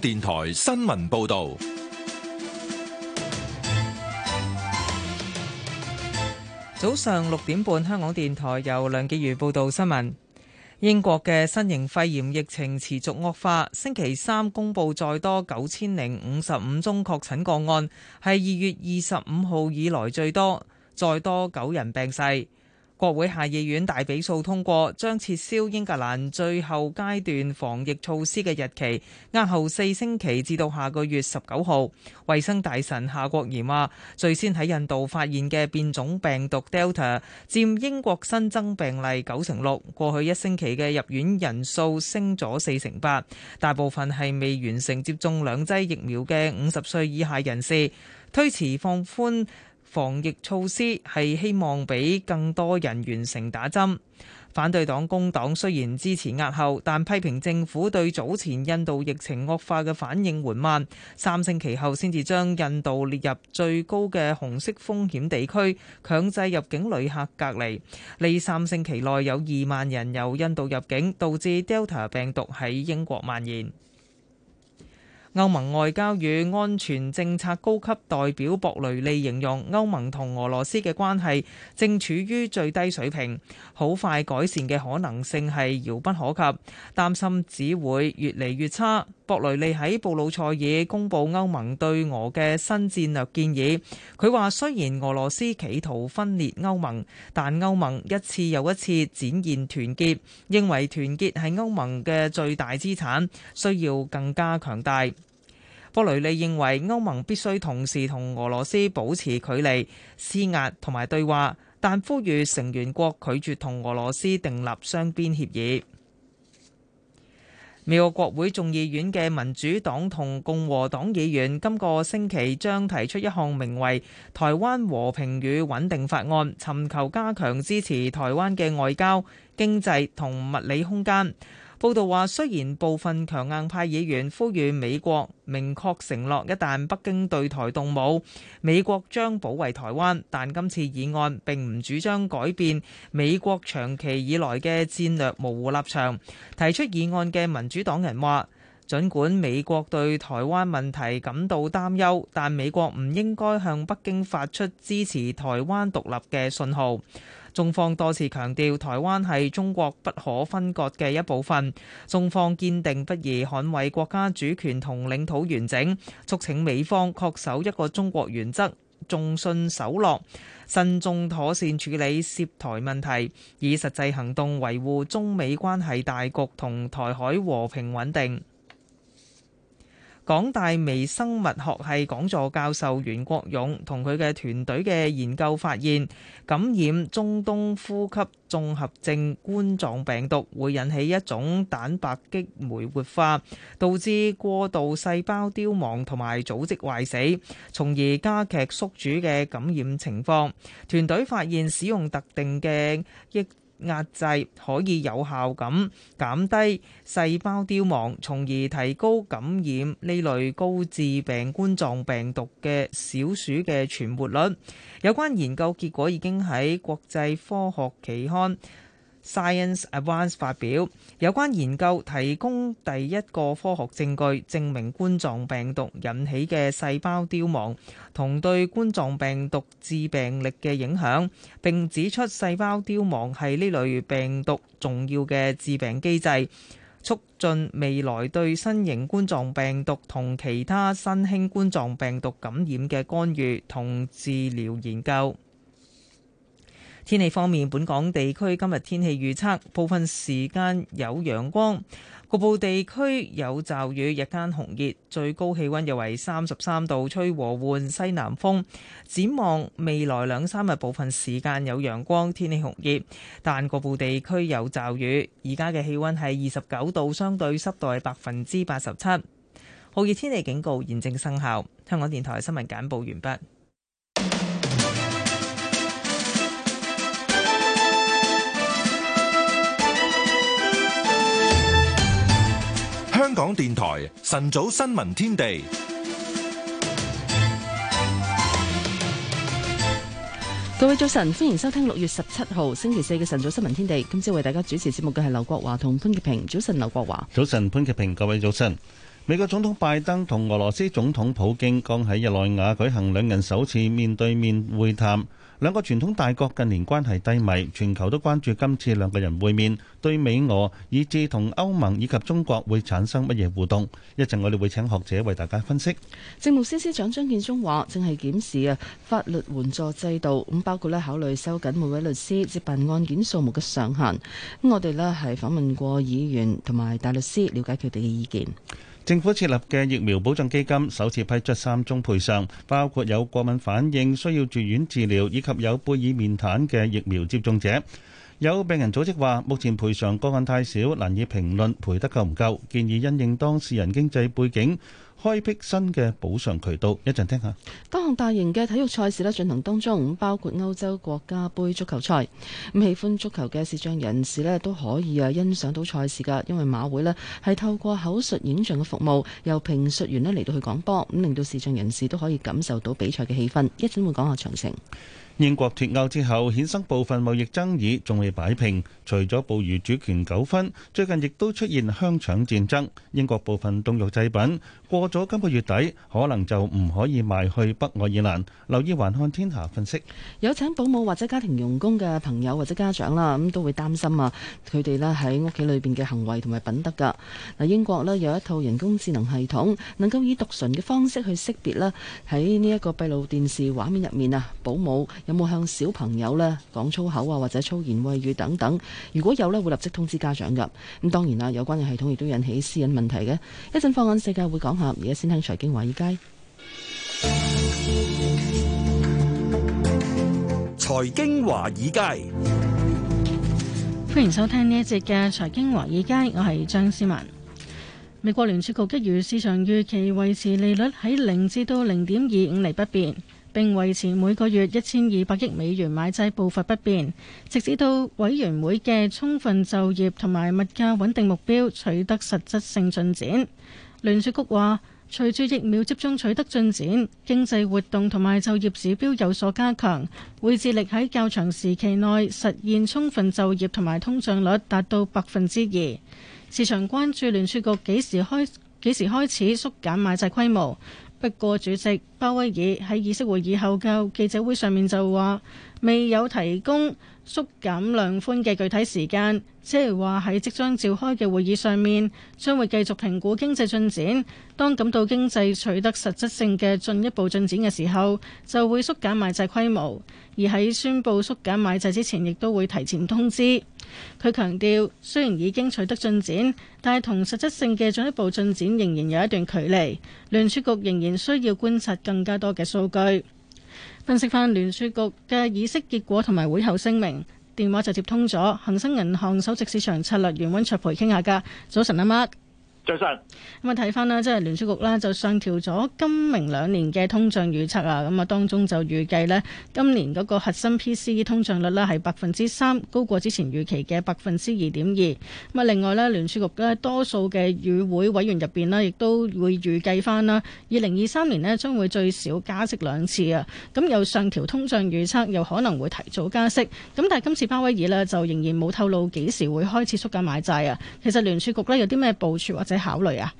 電台新聞報道，早上六點半，香港電台由梁潔如報道新聞。英國嘅新型肺炎疫情持續惡化，星期三公布再多九千零五十五宗確診個案，係二月二十五號以來最多，再多九人病逝。國會下議院大比數通過，將撤銷英格蘭最後階段防疫措施嘅日期，押後四星期至到下個月十九號。衞生大臣夏國賢話：最先喺印度發現嘅變種病毒 Delta 佔英國新增病例九成六，過去一星期嘅入院人數升咗四成八，大部分係未完成接種兩劑疫苗嘅五十歲以下人士。推遲放寬防疫措施係希望俾更多人完成打針。反對黨工黨雖然支持押後，但批評政府對早前印度疫情惡化嘅反應緩慢。三星期後先至將印度列入最高嘅紅色風險地區，強制入境旅客隔離。呢三星期內有二萬人由印度入境，導致 Delta 病毒喺英國蔓延。歐盟外交與安全政策高級代表博雷利形容歐盟同俄羅斯嘅關係正處於最低水平，好快改善嘅可能性係遙不可及，擔心只會越嚟越差。博雷利喺布魯塞爾公布歐盟對俄嘅新戰略建議，佢話雖然俄羅斯企圖分裂歐盟，但歐盟一次又一次展現團結，認為團結係歐盟嘅最大資產，需要更加強大。波雷利認為歐盟必須同時同俄羅斯保持距離、施壓同埋對話，但呼籲成員國拒絕同俄羅斯訂立雙邊協議。美國國會眾議院嘅民主黨同共和黨議員今個星期將提出一項名為《台灣和平與穩定法案》，尋求加強支持台灣嘅外交、經濟同物理空間。報道話，雖然部分強硬派議員呼籲美國明確承諾，一旦北京對台動武，美國將保衛台灣，但今次議案並唔主張改變美國長期以來嘅戰略模糊立場。提出議案嘅民主黨人話：儘管美國對台灣問題感到擔憂，但美國唔應該向北京發出支持台灣獨立嘅信號。中方多次強調，台灣係中國不可分割嘅一部分。中方堅定不移捍衞國家主權同領土完整，促請美方恪守一個中國原則，重信守諾，慎重妥善處理涉台問題，以實際行動維護中美關係大局同台海和平穩定。港大微生物學系講座教授袁國勇同佢嘅團隊嘅研究發現感染中東呼吸綜合症冠狀病毒會引起一種蛋白激酶活化，導致過度細胞凋亡同埋組織壞死，從而加劇宿主嘅感染情況，團隊發現使用特定嘅抑壓制可以有效咁減低細胞凋亡，從而提高感染呢類高致病冠狀病毒嘅小鼠嘅存活率。有關研究結果已經喺國際科學期刊。Science Advances 發表有關研究，提供第一個科學證據，證明冠狀病毒引起嘅細胞凋亡同對冠狀病毒致病力嘅影響，並指出細胞凋亡係呢類病毒重要嘅致病機制，促進未來對新型冠狀病毒同其他新興冠狀病毒感染嘅干預同治療研究。天氣方面，本港地區今日天氣預測，部分時間有陽光，局部地區有驟雨，日間酷熱，最高氣溫約為三十三度，吹和緩西南風。展望未來兩三日，部分時間有陽光，天氣酷熱，但局部地區有驟雨。而家嘅氣溫係二十九度，相對濕度係百分之八十七。酷熱天氣警告現正生效。香港電台新聞簡報完畢。香港電台晨早新聞天地，各位早晨，歡迎收聽六月十七號星期四嘅晨早新聞天地。今朝為大家主持節目嘅係劉國華同潘潔平。早晨，劉國華。早晨，潘潔平。各位早晨。美國總統拜登同俄羅斯總統普京剛喺日內瓦舉行兩人首次面對面會談。兩個傳統大國近年關係低迷，全球都關注今次兩個人會面，對美俄，以至同歐盟以及中國會產生乜嘢互動。一陣我哋會請學者為大家分析。政務司司長張建宗話，正係檢視啊法律援助制度咁，包括咧，考慮收緊每位律師接辦案件數目嘅上限。咁我哋咧係訪問過議員同埋大律師，了解佢哋嘅意見。政府設立嘅疫苗保障基金首次批出三宗賠償，包括有過敏反應需要住院治療，以及有貝爾面癱嘅疫苗接種者。有病人組織話：目前賠償個案太少，難以評論賠得夠唔夠，建議因應當事人經濟背景，開闢新嘅補償渠道。一陣聽下，多項大型嘅體育賽事咧進行當中，包括歐洲國家杯足球賽。咁喜歡足球嘅視障人士咧都可以啊欣賞到賽事㗎，因為馬會咧係透過口述影像嘅服務，由評述員咧嚟到去講波，咁令到視障人士都可以感受到比賽嘅氣氛。一陣會講下詳情。英國脫歐之後，衍生部分貿易爭議，仲未擺平。除咗捕魚主權糾紛，最近亦都出現香腸戰爭。英國部分凍肉製品過咗今個月底，可能就唔可以賣去北愛爾蘭。留意環看天下分析。有請保姆或者家庭傭工嘅朋友或者家長啦，咁都會擔心啊，佢哋呢喺屋企裏邊嘅行為同埋品德噶。嗱，英國呢有一套人工智能系統，能夠以獨純嘅方式去識別啦，喺呢一個閉路電視畫面入面啊，保姆。有冇向小朋友呢？講粗口啊，或者粗言穢語等等？如果有呢，會立即通知家長噶。咁當然啦，有關嘅系統亦都引起私隱問題嘅。一陣放眼世界會講下，而家先聽財經華爾街。財經華爾街，歡迎收聽呢一節嘅財經華爾街，我係張思文。美國聯儲局給予市場預期維持利率喺零至到零點二五厘不變。並維持每個月一千二百億美元買債步伐不變，直至到委員會嘅充分就業同埋物價穩定目標取得實質性進展。聯儲局話，隨住疫苗接種取得進展，經濟活動同埋就業指標有所加強，會致力喺較長時期內實現充分就業同埋通脹率達到百分之二。市場關注聯儲局幾時開幾時開始縮減買債規模。不過，主席鮑威爾喺議息會議後嘅記者會上面就話，未有提供縮減量寬嘅具體時間，即係話喺即將召開嘅會議上面，將會繼續評估經濟進展。當感到經濟取得實質性嘅進一步進展嘅時候，就會縮減買債規模。而喺宣布縮減買債之前，亦都會提前通知。佢強調，雖然已經取得進展，但係同實質性嘅進一步進展仍然有一段距離。聯儲局仍然需要觀察更加多嘅數據。分析翻聯儲局嘅議息結果同埋會後聲明，電話就接通咗。恒生銀行首席市場策略員温卓培，傾下偈。早晨、啊，阿 Mark。咁啊，睇翻咧，即係聯儲局咧就上調咗今明兩年嘅通脹預測啊！咁啊，當中就預計咧今年嗰個核心 PCE 通脹率咧係百分之三，高過之前預期嘅百分之二點二。咁啊，另外咧聯儲局咧多數嘅與會委員入邊呢，亦都會預計翻啦，二零二三年咧將會最少加息兩次啊！咁又上調通脹預測，又可能會提早加息。咁但係今次鮑威爾呢，就仍然冇透露幾時會開始縮減買債啊！其實聯儲局呢，有啲咩部署或者？考慮啊，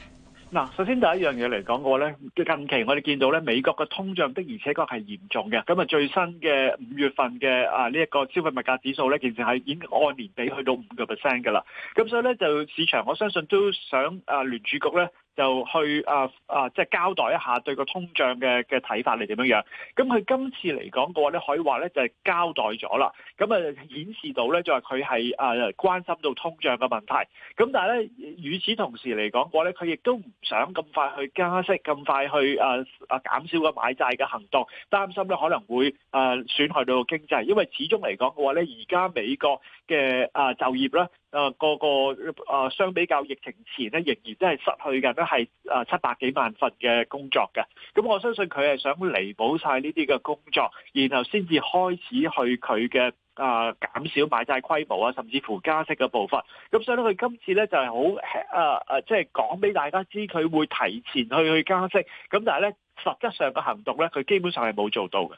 嗱，首先第一樣嘢嚟講嘅話咧，近期我哋見到咧，美國嘅通脹的而且確係嚴重嘅，咁啊最新嘅五月份嘅啊呢一個消費物價指數咧，其實係已經按年比去到五個 percent 㗎喇，咁所以咧就市場我相信都想啊聯儲局咧。就去啊啊，即係交代一下對個通脹嘅嘅睇法係點樣樣。咁佢今次嚟講嘅話咧，可以話咧就係交代咗啦。咁啊，顯示到咧就係佢係啊關心到通脹嘅問題。咁但係咧，與此同時嚟講嘅話咧，佢亦都唔想咁快去加息、咁快去啊啊減少個買債嘅行動，擔心咧可能會啊損害到經濟。因為始終嚟講嘅話咧，而家美國。嘅啊就業啦，啊個個啊相比較疫情前咧，仍然都係失去嘅都係啊七百幾萬份嘅工作嘅。咁我相信佢係想彌補晒呢啲嘅工作，然後先至開始去佢嘅啊減少買債規模啊，甚至乎加息嘅步伐。咁所以咧，佢今次咧就係好啊啊，即係講俾大家知佢會提前去去加息。咁但係咧，實質上嘅行動咧，佢基本上係冇做到嘅。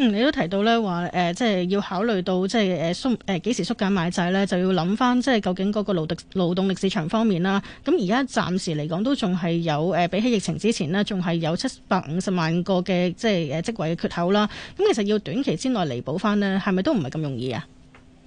嗯，你都提到咧，話誒、呃，即係要考慮到即係誒縮誒幾時縮減買債咧，就要諗翻即係究竟嗰個勞力勞動力市場方面啦。咁而家暫時嚟講都仲係有誒、呃，比起疫情之前呢，仲係有七百五十萬個嘅即係誒職位嘅缺口啦。咁、啊、其實要短期之內彌補翻呢，係咪都唔係咁容易啊？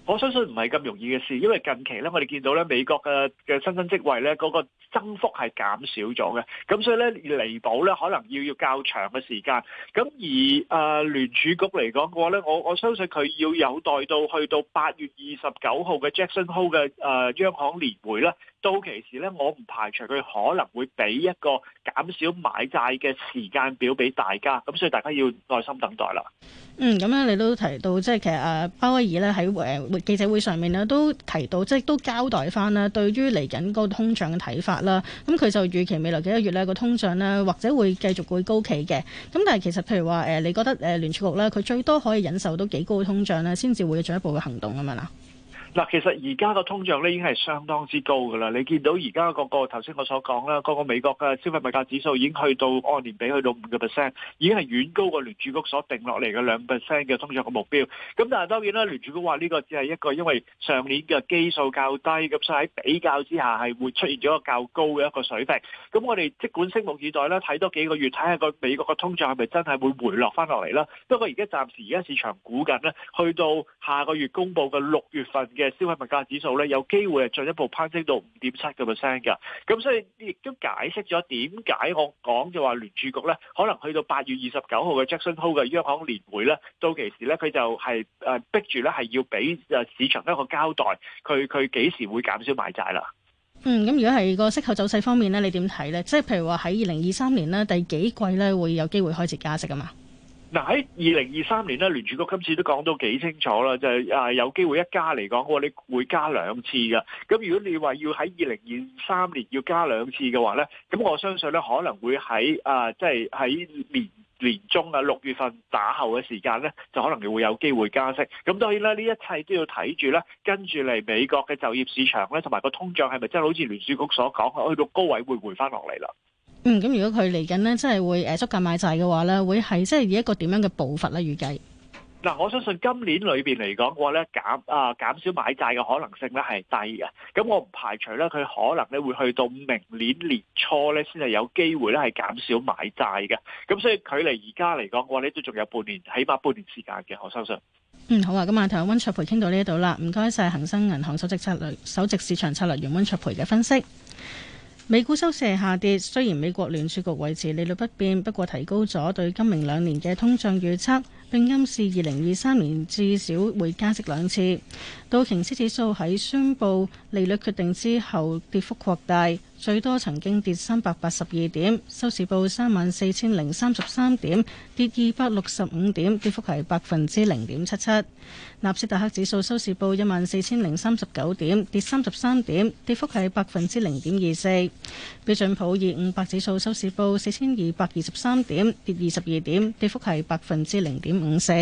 我相信唔係咁容易嘅事，因為近期咧，我哋見到咧美國嘅嘅新增職位咧，嗰個增幅係減少咗嘅，咁所以咧彌補咧，可能要要較長嘅時間。咁而誒聯儲局嚟講嘅話咧，我我相信佢要有待到去到八月二十九號嘅 Jackson Hole 嘅誒、呃、央行年會啦。到期時咧，我唔排除佢可能會俾一個減少買債嘅時間表俾大家，咁所以大家要耐心等待啦。嗯，咁咧你提、啊、呢呢都提到，即係其實阿鮑威爾咧喺誒記者會上面咧都提到，即係都交代返啦，對於嚟緊個通脹嘅睇法啦。咁佢就預期未來幾個月呢個通脹呢，或者會繼續會高企嘅。咁但係其實譬如話誒、呃，你覺得誒聯儲局咧，佢最多可以忍受到幾高嘅通脹呢，先至會進一步嘅行動咁樣啦？嗱，其實而家個通脹咧已經係相當之高噶啦，你見到而家個個頭先我所講啦，個個美國嘅消費物價指數已經去到按年比去到五個 percent，已經係遠高過聯儲局所定落嚟嘅兩 percent 嘅通脹嘅目標。咁但係當然啦，聯儲局話呢個只係一個因為上年嘅基數較低，咁所以喺比較之下係會出現咗一個較高嘅一個水平。咁我哋即管拭目以待啦，睇多幾個月，睇下個美國嘅通脹係咪真係會回落翻落嚟啦。不過而家暫時而家市場估緊咧，去到下個月公布嘅六月份嘅嘅消費物價指數咧，有機會係進一步攀升到五點七個 percent 嘅。咁所以亦都解釋咗點解我講就話聯儲局咧，可能去到八月二十九號嘅 Jackson Hole 嘅央行年會咧，到期時咧，佢就係誒逼住咧係要俾誒市場一個交代，佢佢幾時會減少買債啦。嗯，咁如果係個息口走勢方面咧，你點睇咧？即係譬如話喺二零二三年咧，第幾季咧，會有機會開始加息啊嘛？嗱喺二零二三年咧，聯儲局今次都講到幾清楚啦，就係、是、啊有機會一加嚟講，我話你會加兩次嘅。咁如果你話要喺二零二三年要加兩次嘅話咧，咁我相信咧可能會喺、呃就是、啊即係喺年年中啊六月份打後嘅時間咧，就可能會有機會加息。咁當然啦，呢一切都要睇住咧，跟住嚟美國嘅就業市場咧，同埋個通脹係咪真係好似聯儲局所講，去到高位會回翻落嚟啦。嗯，咁如果佢嚟緊呢，真係會誒縮緊買債嘅話呢，會係即係以一個點樣嘅步伐呢？預計嗱，我相信今年裏邊嚟講嘅話呢，減啊減少買債嘅可能性呢係低嘅。咁我唔排除呢，佢可能咧會去到明年年初呢，先係有機會呢係減少買債嘅。咁所以距離而家嚟講嘅話呢，都仲有半年，起碼半年時間嘅。我相信。嗯，好啊，咁啊，同溫卓培傾到呢度啦。唔該晒恒生銀行首席策略、首席市場策略員溫卓培嘅分析。美股收市下跌，雖然美國聯儲局維持利率不變，不過提高咗對今明兩年嘅通脹預測，並暗示二零二三年至少會加息兩次。道瓊斯指數喺宣布利率決定之後跌幅擴大。最多曾經跌三百八十二點，收市報三萬四千零三十三點，跌二百六十五點，跌幅係百分之零點七七。納斯達克指數收市報一萬四千零三十九點，跌三十三點，跌幅係百分之零點二四。標準普爾五百指數收市報四千二百二十三點，跌二十二點，跌幅係百分之零點五四。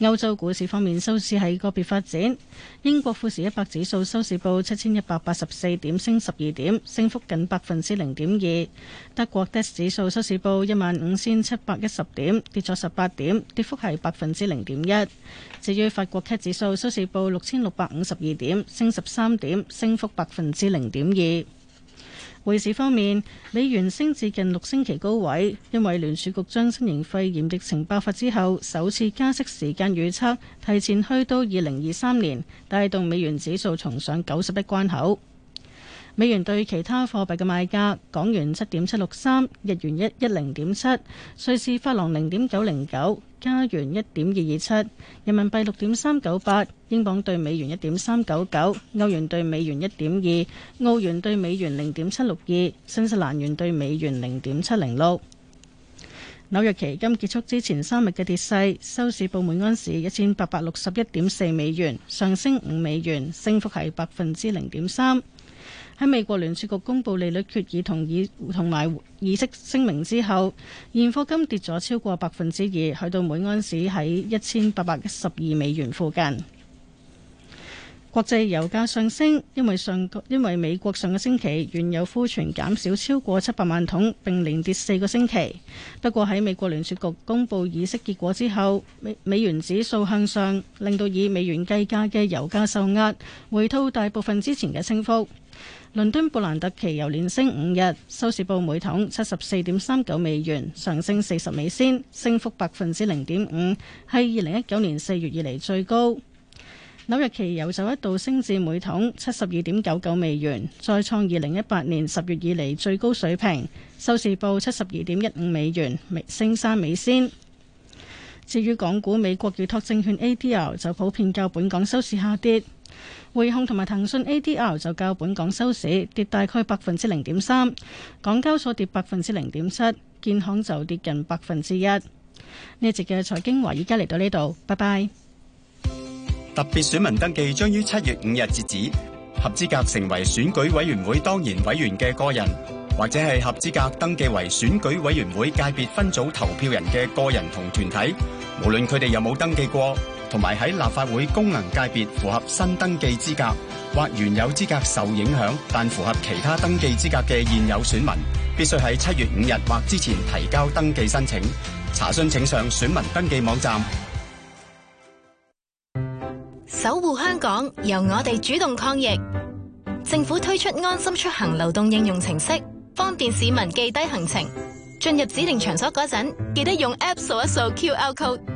歐洲股市方面，收市係個別發展。英國富時一百指數收市報七千一百八十四點，升十二點，升幅近百分之零點二。德國 DAX 指數收市報一萬五千七百一十點，跌咗十八點，跌幅係百分之零點一。至於法國 CAC 指數收市報六千六百五十二點，升十三點，升幅百分之零點二。匯市方面，美元升至近六星期高位，因為聯儲局將新型肺炎疫情爆發之後首次加息時間預測提前去到二零二三年，帶動美元指數重上九十一關口。美元對其他貨幣嘅賣價：港元七點七六三，日元一一零點七，瑞士法郎零點九零九。加元1.227，人民幣6.398，英鎊對美元1.399，歐元對美元1.2，澳元對美元0.762，新西蘭元對美元0.706。紐約期金結束之前三日嘅跌勢，收市報每安士一千八百六十一點四美元，上升五美元，升幅係百分之零點三。喺美國聯儲局公布利率決議同議同埋議息聲明之後，現貨金跌咗超過百分之二，去到每安士喺一千八百一十二美元附近。國際油價上升，因為上個因為美國上個星期原油庫存減少超過七百萬桶，並連跌四個星期。不過喺美國聯儲局公布議息結果之後，美美元指數向上，令到以美元計價嘅油價受壓回吐大部分之前嘅升幅。倫敦布蘭特期油連升五日，收市報每桶七十四點三九美元，上升四十美仙，升幅百分之零點五，係二零一九年四月以嚟最高。紐約期油就一度升至每桶七十二點九九美元，再創二零一八年十月以嚟最高水平，收市報七十二點一五美元，升三美仙。至於港股，美國預託證券 ADL 就普遍較本港收市下跌。匯控同埋騰訊 ADR 就較本港收市跌大概百分之零點三，港交所跌百分之零點七，建行就跌近百分之一。呢一節嘅財經話，而家嚟到呢度，拜拜。特別選民登記將於七月五日截止，合資格成為選舉委員會當然委員嘅個人，或者係合資格登記為選舉委員會界別分組投票人嘅個人同團體，無論佢哋有冇登記過。同埋喺立法會功能界別符合新登記資格或原有資格受影響但符合其他登記資格嘅現有選民，必須喺七月五日或之前提交登記申請。查詢請上選民登記網站。守護香港，由我哋主動抗疫。政府推出安心出行流動應用程式，方便市民記低行程。進入指定場所嗰陣，記得用 App 掃一掃 QR code。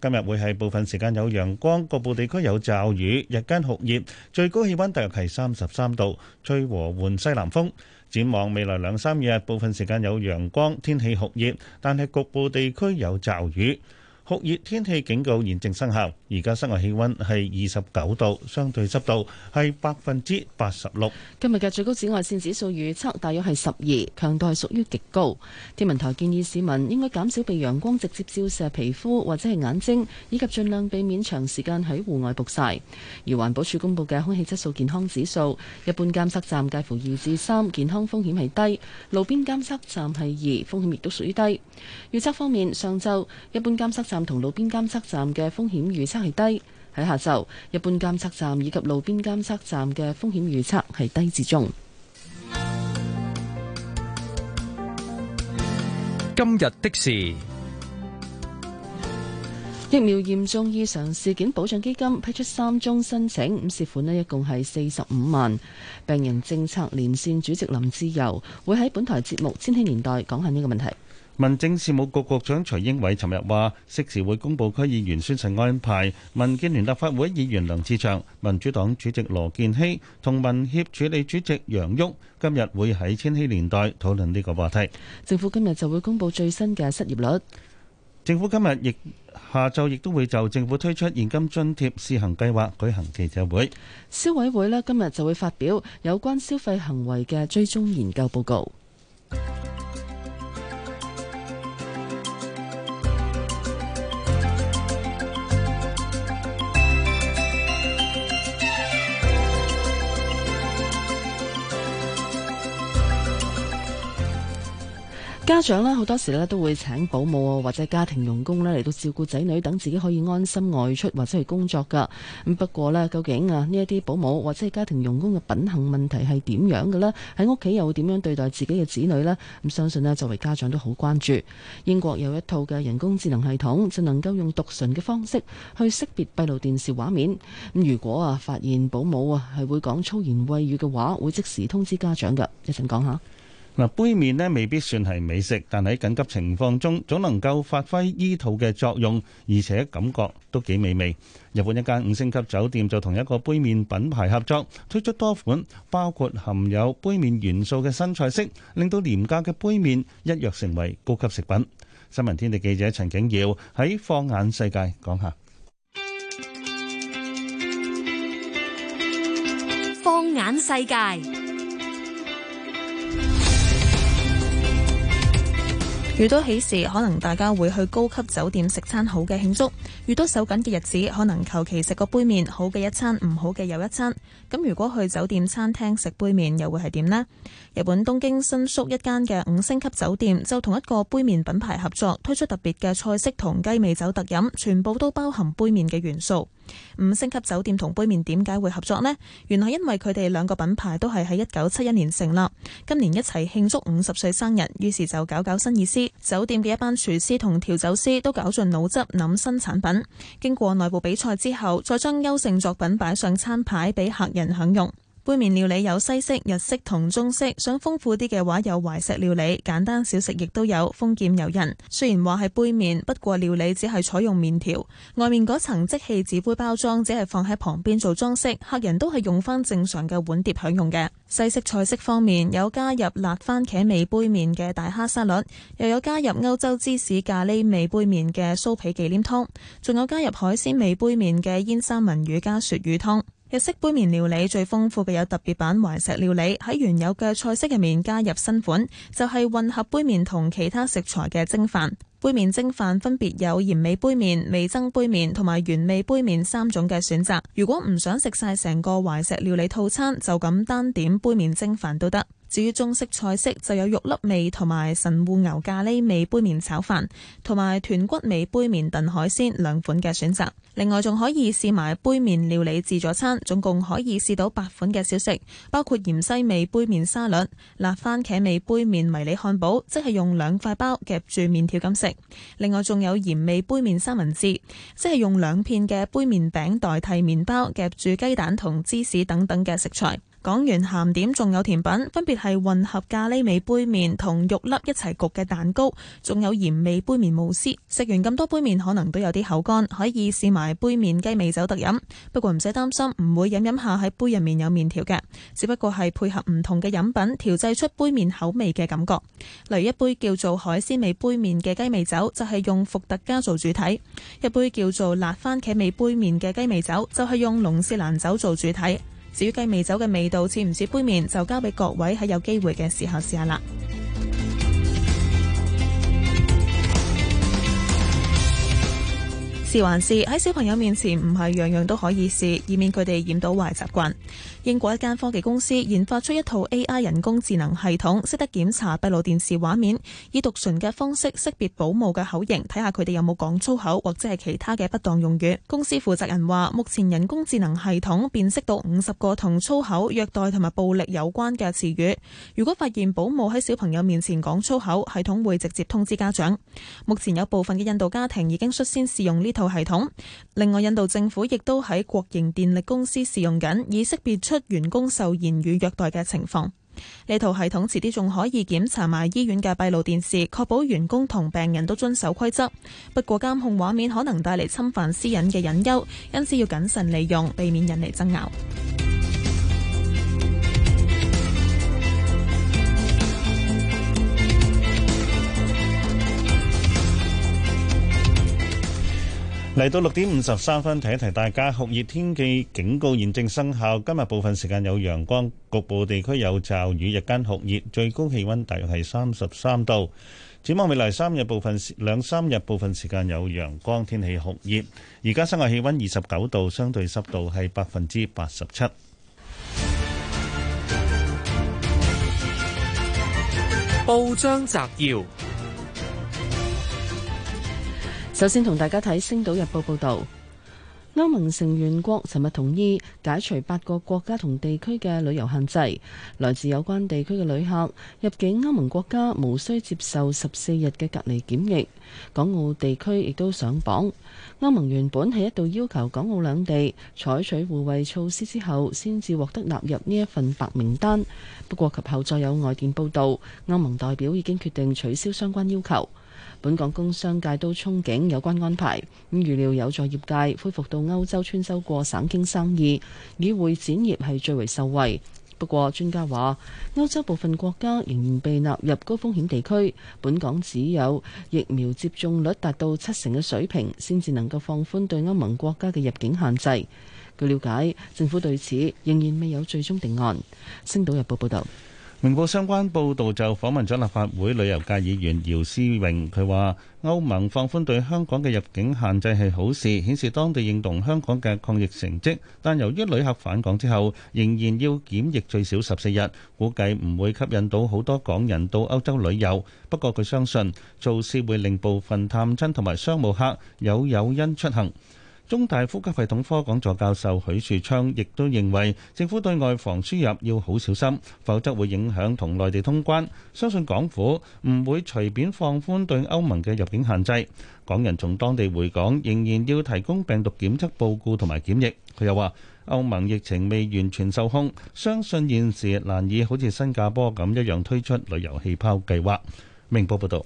今日會係部分時間有陽光，局部地區有驟雨，日間酷熱，最高氣温大約係三十三度，吹和緩西南風。展望未來兩三日，部分時間有陽光，天氣酷熱，但係局部地區有驟雨。酷熱天氣警告現正生效，而家室外氣溫係二十九度，相對濕度係百分之八十六。今日嘅最高紫外線指數預測大約係十二，強度係屬於極高。天文台建議市民應該減少被陽光直接照射皮膚或者係眼睛，以及盡量避免長時間喺戶外曝曬。而環保署公布嘅空氣質素健康指數，一般監測站介乎二至三，健康風險係低；路邊監測站係二，風險亦都屬於低。預測方面，上晝一般監測站。同路邊監測站嘅風險預測係低，喺下晝一般監測站以及路邊監測站嘅風險預測係低至中。今日的事，疫苗嚴重異常事件保障基金批出三宗申請，五涉款咧一共係四十五萬。病人政策連線主席林志游會喺本台節目《千禧年代》講下呢個問題。民政事務局局長徐英偉尋日話，適時會公布區議員宣誓安排。民建聯立法會議員梁志祥、民主黨主席羅健熙同民協助理主席楊旭今日會喺千禧年代討論呢個話題。政府今日就會公布最新嘅失業率。政府今日亦下晝亦都會就政府推出現金津貼試行計劃舉行記者會。消委會呢今日就會發表有關消費行為嘅追蹤研究報告。家長呢好多時呢都會請保姆或者家庭傭工呢嚟到照顧仔女，等自己可以安心外出或者去工作㗎。咁不過呢，究竟啊呢一啲保姆或者係家庭傭工嘅品行問題係點樣嘅呢？喺屋企又會點樣對待自己嘅子女呢？咁相信呢，作為家長都好關注。英國有一套嘅人工智能系統，就能夠用讀唇嘅方式去識別閉路電視畫面。咁如果啊發現保姆啊係會講粗言穢語嘅話，會即時通知家長㗎。一陣講下。嗱，杯麵呢未必算係美食，但喺緊急情況中，總能夠發揮醫肚嘅作用，而且感覺都幾美味。日本一間五星級酒店就同一個杯麵品牌合作，推出多款包括含有杯麵元素嘅新菜式，令到廉價嘅杯麵一躍成為高級食品。新聞天地記者陳景耀喺放眼世界講下，放眼世界。遇到喜事，可能大家會去高級酒店食餐好嘅慶祝；遇到手緊嘅日子，可能求其食個杯麵好嘅一餐，唔好嘅又一餐。咁如果去酒店餐廳食杯麵又會係點呢？日本東京新宿一間嘅五星級酒店就同一個杯麵品牌合作，推出特別嘅菜式同雞尾酒特飲，全部都包含杯麵嘅元素。五星級酒店同杯麵點解會合作呢？原來因為佢哋兩個品牌都係喺一九七一年成立，今年一齊慶祝五十歲生日，於是就搞搞新意思。酒店嘅一班廚師同調酒師都搞盡腦汁諗新產品，經過內部比賽之後，再將優勝作品擺上餐牌俾客人享用。杯麵料理有西式、日式同中式，想豐富啲嘅話有懷石料理，簡單小食亦都有。豐儉由人。雖然話係杯麵，不過料理只係採用麵條，外面嗰層即棄紙杯包裝只係放喺旁邊做裝飾，客人都係用返正常嘅碗碟享用嘅。西式菜式方面，有加入辣蕃茄味杯麵嘅大蝦沙律，又有加入歐洲芝士咖喱味杯麵嘅酥皮忌廉湯，仲有加入海鮮味杯麵嘅煙三文魚加鱈魚湯。日式杯麵料理最豐富嘅有特別版懷石料理，喺原有嘅菜式入面加入新款，就係混合杯麵同其他食材嘅蒸飯。杯麵蒸飯分別有鹽味杯麵、味噌杯麵同埋原味杯麵三種嘅選擇。如果唔想食晒成個懷石料理套餐，就咁單點杯麵蒸飯都得。至於中式菜式就有肉粒味同埋神戶牛咖喱味杯麵炒飯，同埋豚骨味杯麵燉海鮮兩款嘅選擇。另外仲可以試埋杯麵料理自助餐，總共可以試到八款嘅小食，包括芫茜味杯麵沙律、辣番茄味杯麵迷你漢堡，即係用兩塊包夾住麵條咁食。另外仲有鹽味杯麵三文治，即係用兩片嘅杯麵餅代替麵包，夾住雞蛋同芝士等等嘅食材。講完鹹點，仲有甜品，分別係混合咖喱味杯麵同肉粒一齊焗嘅蛋糕，仲有鹽味杯麵慕斯。食完咁多杯麵，可能都有啲口乾，可以試埋杯麵雞尾酒特飲。不過唔使擔心，唔會飲飲下喺杯入面有麵條嘅，只不過係配合唔同嘅飲品調製出杯麵口味嘅感覺。例如一杯叫做海鮮味杯麵嘅雞尾酒，就係用伏特加做主體；一杯叫做辣番茄味杯麵嘅雞尾酒，就係用龍舌蘭酒做主體。至於雞尾酒嘅味道似唔似杯麵，就交俾各位喺有機會嘅時候試下啦。試 還是，喺小朋友面前唔係樣樣都可以試，以免佢哋染到壞習慣。英國一間科技公司研發出一套 AI 人工智能系統，識得檢查閉路電視畫面，以讀唇嘅方式識別保姆嘅口型，睇下佢哋有冇講粗口或者係其他嘅不當用語。公司負責人話：目前人工智能系統辨識到五十個同粗口、虐待同埋暴力有關嘅詞語。如果發現保姆喺小朋友面前講粗口，系統會直接通知家長。目前有部分嘅印度家庭已經率先試用呢套系統。另外，印度政府亦都喺國營電力公司試用緊，以識別出員工受言語虐待嘅情況，呢套系統遲啲仲可以檢查埋醫院嘅閉路電視，確保員工同病人都遵守規則。不過監控畫面可能帶嚟侵犯私隱嘅隱憂，因此要謹慎利用，避免引嚟爭拗。嚟到六點五十三分，提一提大家，酷熱天氣警告現正生效。今日部分時間有陽光，局部地區有驟雨，日間酷熱，最高氣溫大約係三十三度。展望未來三日部分兩三日部分時間有陽光，天氣酷熱。而家室外氣溫二十九度，相對濕度係百分之八十七。報章摘要。首先同大家睇《星島日報》報道，歐盟成員國尋日同意解除八個國家同地區嘅旅遊限制，來自有關地區嘅旅客入境歐盟國家無需接受十四日嘅隔離檢疫。港澳地區亦都上榜。歐盟原本係一度要求港澳兩地採取互惠措施之後，先至獲得納入呢一份白名單。不過，及後再有外電報道，歐盟代表已經決定取消相關要求。本港工商界都憧憬有關安排，咁預料有助業界恢復到歐洲穿梭過省傾生意，以會展業係最為受惠。不過專家話，歐洲部分國家仍然被納入高風險地區，本港只有疫苗接種率達到七成嘅水平，先至能夠放寬對歐盟國家嘅入境限制。據了解，政府對此仍然未有最終定案。星島日報報道。明報相關報道就訪問咗立法會旅遊界議員姚思榮，佢話歐盟放寬對香港嘅入境限制係好事，顯示當地認同香港嘅抗疫成績。但由於旅客返港之後仍然要檢疫最少十四日，估計唔會吸引到好多港人到歐洲旅遊。不過佢相信，做事會令部分探親同埋商務客有誘因出行。中大呼吸系統科講座教授許樹昌亦都認為政府對外防輸入要好小心，否則會影響同內地通關，相信港府唔會隨便放寬對歐盟嘅入境限制。港人從當地回港仍然要提供病毒檢測報告同埋檢疫。佢又話歐盟疫情未完全受控，相信現時難以好似新加坡咁一樣推出旅遊氣泡計劃，明報報道。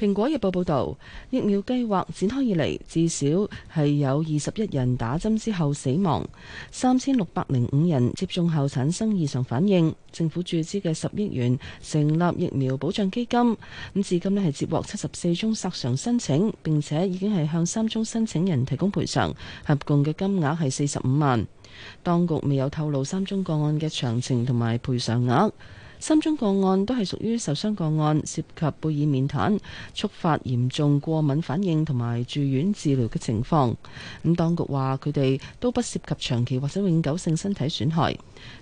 《蘋果日報》報導，疫苗計劃展開以嚟，至少係有二十一人打針之後死亡，三千六百零五人接種後產生異常反應。政府注資嘅十億元成立疫苗保障基金，咁至今呢係接獲七十四宗索償申請，並且已經係向三宗申請人提供賠償，合共嘅金額係四十五萬。當局未有透露三宗個案嘅詳情同埋賠償額。三宗個案都係屬於受傷個案，涉及貝爾面癱、觸發嚴重過敏反應同埋住院治療嘅情況。咁當局話佢哋都不涉及長期或者永久性身體損害。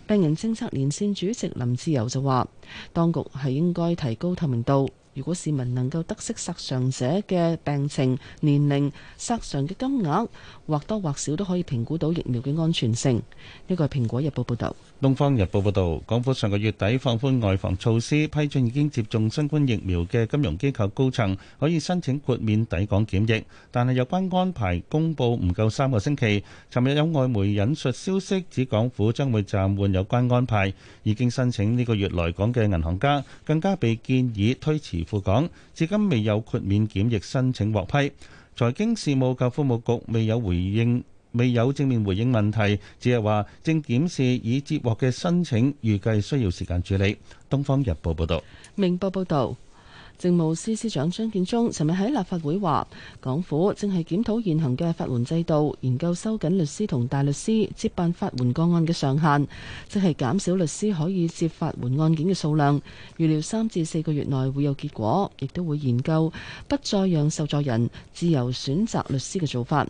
病人政策連線主席林志釉就話：當局係應該提高透明度，如果市民能夠得悉受償者嘅病情、年齡、受償嘅金額，或多或少都可以評估到疫苗嘅安全性。呢個係《蘋果日報》報導。《東方日報》報道，港府上個月底放寬外防措施，批准已經接種新冠疫苗嘅金融機構高層可以申請豁免抵港檢疫，但係有關安排公布唔夠三個星期。尋日有外媒引述消息，指港府將會暫緩有關安排，已經申請呢個月來港嘅銀行家更加被建議推遲赴港，至今未有豁免檢疫申請獲批。財經事務及庫務局未有回應。未有正面回應問題，只係話正檢視已接獲嘅申請，預計需要時間處理。《東方日報》報道，《明報》報道，政務司司長張建宗尋日喺立法會話，港府正係檢討現行嘅法援制度，研究收緊律師同大律師接辦法援個案嘅上限，即係減少律師可以接法援案件嘅數量。預料三至四個月內會有結果，亦都會研究不再讓受助人自由選擇律師嘅做法。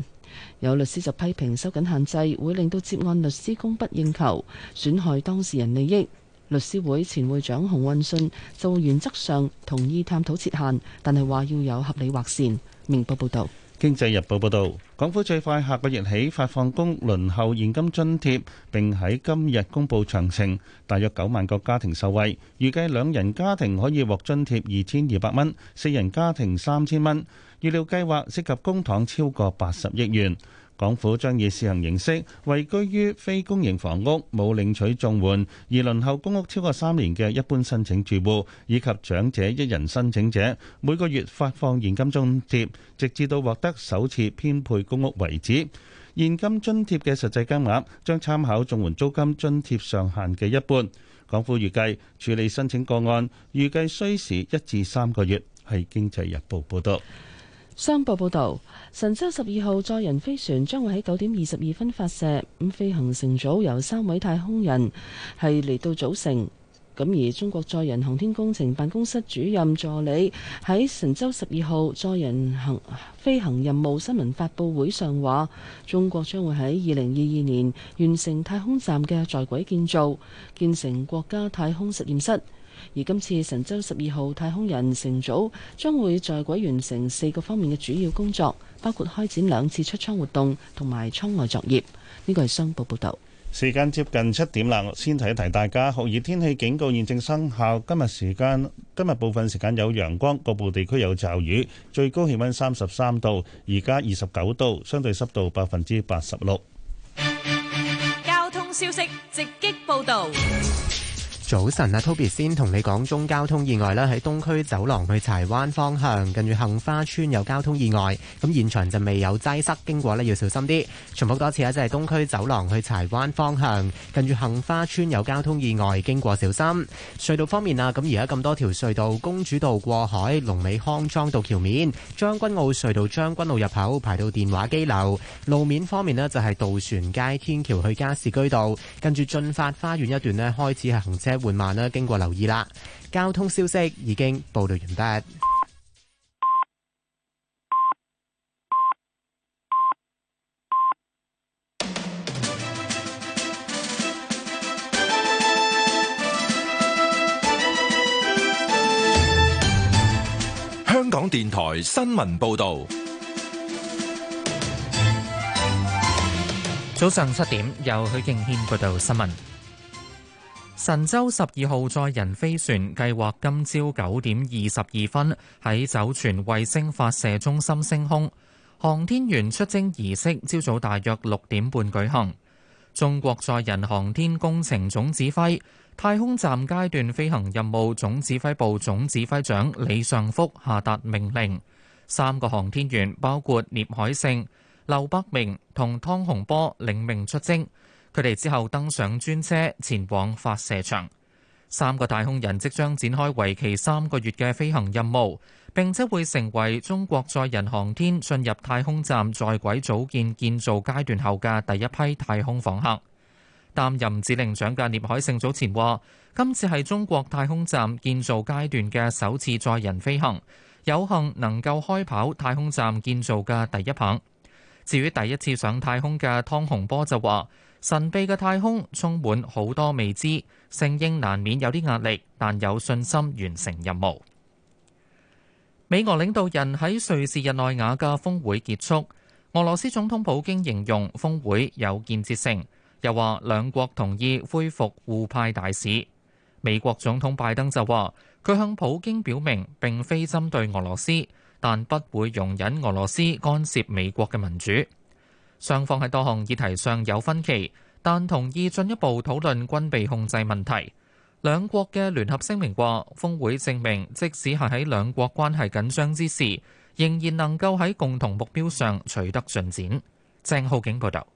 有律師就批評收緊限制會令到接案律師供不應求，損害當事人利益。律師會前會長洪運信就原則上同意探討設限，但係話要有合理劃線。明報報導，《經濟日報》報導，港府最快下個月起發放公輪候現金津貼，並喺今日公布詳情，大約九萬個家庭受惠。預計兩人家庭可以獲津貼二千二百蚊，四人家庭三千蚊。預料計劃涉及公帑超過八十億元，港府將以試行形式位居於非公營房屋、冇領取綜援而輪候公屋超過三年嘅一般申請住戶，以及長者一人申請者，每個月發放現金津貼，直至到獲得首次編配公屋為止。現金津貼嘅實際金額將參考綜援租金津貼上限嘅一半。港府預計處理申請個案預計需時一至三個月。係《經濟日報》報道。商報報道，神舟十二號載人飛船將會喺九點二十二分發射，咁飛行乘組由三位太空人係嚟到組成。咁而中國載人航天工程辦公室主任助理喺神舟十二號載人行飛行任務新聞發布會上話，中國將會喺二零二二年完成太空站嘅在軌建造，建成國家太空實驗室。而今次神舟十二號太空人乘組將會在軌完成四個方面嘅主要工作，包括開展兩次出艙活動同埋艙外作業。呢個係商報報道。時間接近七點啦，我先提一提大家酷熱天氣警告現正生效。今日時間，今日部分時間有陽光，局部地區有驟雨，最高氣溫三十三度，而家二十九度，相對濕度百分之八十六。交通消息直擊報道。早晨啊，Toby 先同你講，中交通意外啦，喺東區走廊去柴灣方向，近住杏花邨有交通意外，咁現場就未有擠塞，經過咧要小心啲。重複多次啊，即係東區走廊去柴灣方向，近住杏花邨有交通意外，經過小心。隧道方面啊，咁而家咁多條隧道，公主道過海、龍尾康莊道橋面、將軍澳隧道將軍澳入口排到電話機樓。路面方面咧，就係渡船街天橋去加士居道，跟住駿發花園一段咧開始係行車緩慢啦，經過留意啦，交通消息已經報道完畢。香港電台新聞報道，早上七點由許敬軒報道新聞。神舟十二號載人飛船計劃今朝九點二十二分喺酒泉衛星發射中心升空，航天員出征儀式朝早大約六點半舉行。中國載人航天工程總指揮、太空站階段飛行任務總指揮部總指揮、總指揮長李尚福下達命令，三個航天員包括聶海勝、劉伯明同湯洪波領命出征。佢哋之後登上專車前往發射場，三個太空人即將展開為期三個月嘅飛行任務，並且會成為中國載人航天進入太空站在軌組建建造階段後嘅第一批太空訪客。擔任指令長嘅聶海勝早前話：今次係中國太空站建造階段嘅首次載人飛行，有幸能夠開跑太空站建造嘅第一棒。至於第一次上太空嘅湯洪波就話。神秘嘅太空充滿好多未知，勝英難免有啲壓力，但有信心完成任務。美俄領導人喺瑞士日內瓦嘅峰會結束，俄羅斯總統普京形容峰會有建設性，又話兩國同意恢復互派大使。美國總統拜登就話，佢向普京表明並非針對俄羅斯，但不會容忍俄羅斯干涉美國嘅民主。雙方喺多項議題上有分歧，但同意進一步討論軍備控制問題。兩國嘅聯合聲明話，峰會證明即使係喺兩國關係緊張之時，仍然能夠喺共同目標上取得進展。鄭浩景報道。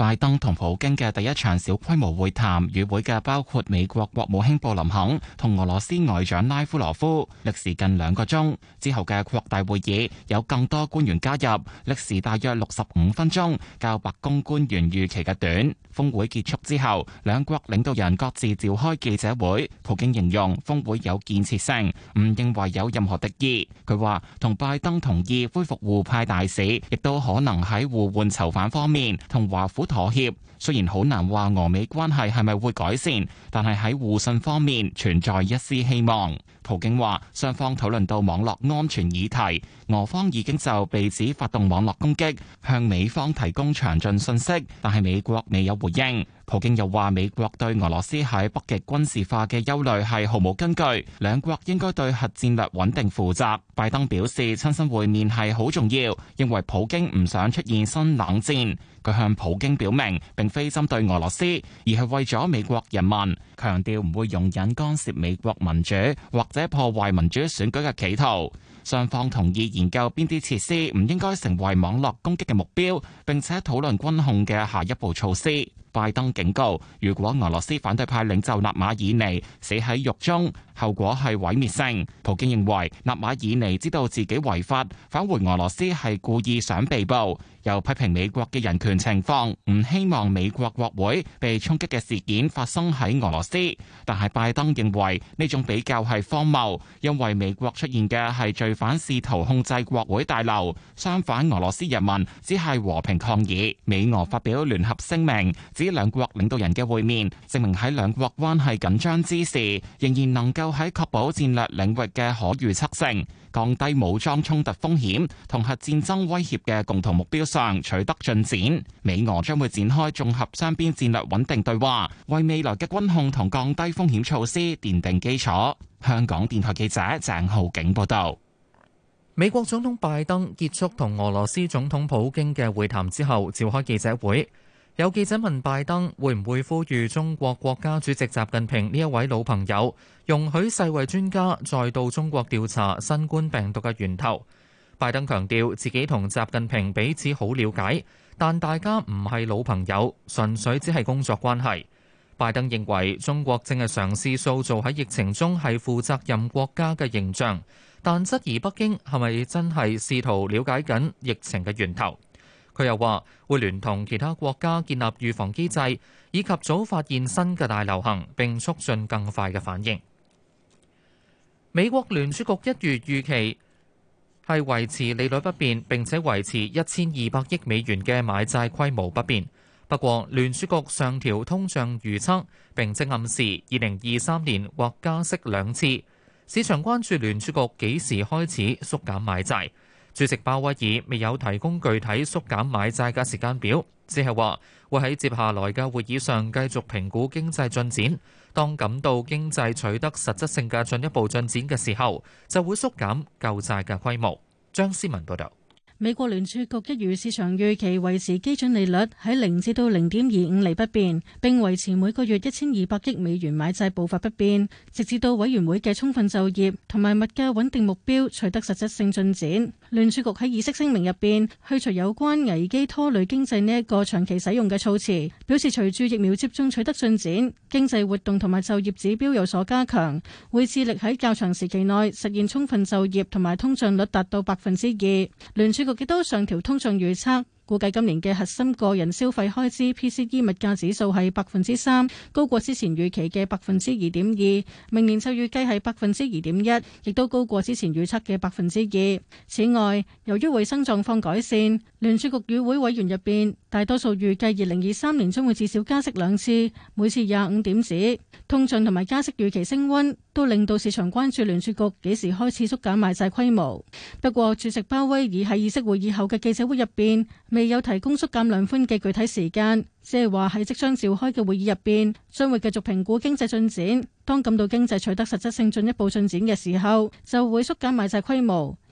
拜登同普京嘅第一場小規模會談，與會嘅包括美國國務卿布林肯同俄羅斯外長拉夫羅夫，歷時近兩個鐘。之後嘅擴大會議有更多官員加入，歷時大約六十五分鐘，較白宮官員預期嘅短。峰會結束之後，兩國領導人各自召開記者會。普京形容峰會有建設性，唔認為有任何敵意。佢話同拜登同意恢復互派大使，亦都可能喺互換囚犯方面同華府妥協。雖然好難話俄美關係係咪會改善，但係喺互信方面存在一絲希望。普京話，雙方討論到網絡安全議題，俄方已經就被指發動網絡攻擊，向美方提供詳盡信息，但係美國未有回應。普京又話，美國對俄羅斯喺北極軍事化嘅憂慮係毫無根據。兩國應該對核戰略穩定負責。拜登表示，親身會面係好重要，認為普京唔想出現新冷戰。佢向普京表明，並非針對俄羅斯，而係為咗美國人民，強調唔會容忍干涉美國民主或者破壞民主選舉嘅企圖。雙方同意研究邊啲設施唔應該成為網絡攻擊嘅目標，並且討論軍控嘅下一步措施。拜登警告：如果俄羅斯反對派領袖納馬爾尼死喺獄中，後果係毀滅性。普京認為納馬爾尼知道自己違法，返回俄羅斯係故意想被捕。又批評美國嘅人權情況，唔希望美國國會被衝擊嘅事件發生喺俄羅斯。但係拜登認為呢種比較係荒謬，因為美國出現嘅係罪犯試圖控制國會大樓，相反俄羅斯人民只係和平抗議。美俄發表聯合聲明，指兩國領導人嘅會面，證明喺兩國關係緊張之時，仍然能夠喺確保戰略領域嘅可預測性、降低武裝衝突風險同核戰爭威脅嘅共同目標上取得進展。美俄將會展開綜合雙邊戰略穩定對話，為未來嘅軍控同降低風險措施奠定基礎。香港電台記者鄭浩景報道。美國總統拜登結束同俄羅斯總統普京嘅會談之後，召開記者會。有記者問拜登會唔會呼籲中國國家主席習近平呢一位老朋友容許世衛專家再到中國調查新冠病毒嘅源頭。拜登強調自己同習近平彼此好了解，但大家唔係老朋友，純粹只係工作關係。拜登認為中國正係嘗試塑造喺疫情中係負責任國家嘅形象，但質疑北京係咪真係試圖了解緊疫情嘅源頭。佢又話會聯同其他國家建立預防機制，以及早發現新嘅大流行，並促進更快嘅反應。美國聯儲局一月預期係維持利率不變，並且維持一千二百億美元嘅買債規模不變。不過聯儲局上調通脹預測，並正暗示二零二三年或加息兩次。市場關注聯儲局幾時開始縮減買債。主席鮑威爾未有提供具體縮減買債嘅時間表，只係話會喺接下來嘅會議上繼續評估經濟進展。當感到經濟取得實質性嘅進一步進展嘅時候，就會縮減購債嘅規模。張思文報道。美國聯儲局一如市場預期，維持基準利率喺零至到零點二五厘不變，並維持每個月一千二百億美元買債步伐不變，直至到委員會嘅充分就業同埋物價穩定目標取得實質性進展。聯儲局喺議息聲明入邊去除有關危機拖累經濟呢一個長期使用嘅措辭，表示隨住疫苗接種取得進展，經濟活動同埋就業指標有所加強，會致力喺較長時期內實現充分就業同埋通脹率達到百分之二。聯儲局亦都上調通脹預測。估計今年嘅核心個人消費開支 PCE 物價指數係百分之三，高過之前預期嘅百分之二點二。明年就預計係百分之二點一，亦都高過之前預測嘅百分之二。此外，由於衞生狀況改善，聯儲局與會委員入邊大多數預計二零二三年將會至少加息兩次，每次廿五點子。通脹同埋加息預期升溫。都令到市場關注聯儲局幾時開始縮減買債規模。不過主席鮑威爾喺議息會議後嘅記者會入邊，未有提供縮減量寬嘅具體時間，即係話喺即將召開嘅會議入邊，將會繼續評估經濟進展。當感到經濟取得實質性進一步進展嘅時候，就會縮減買債規模。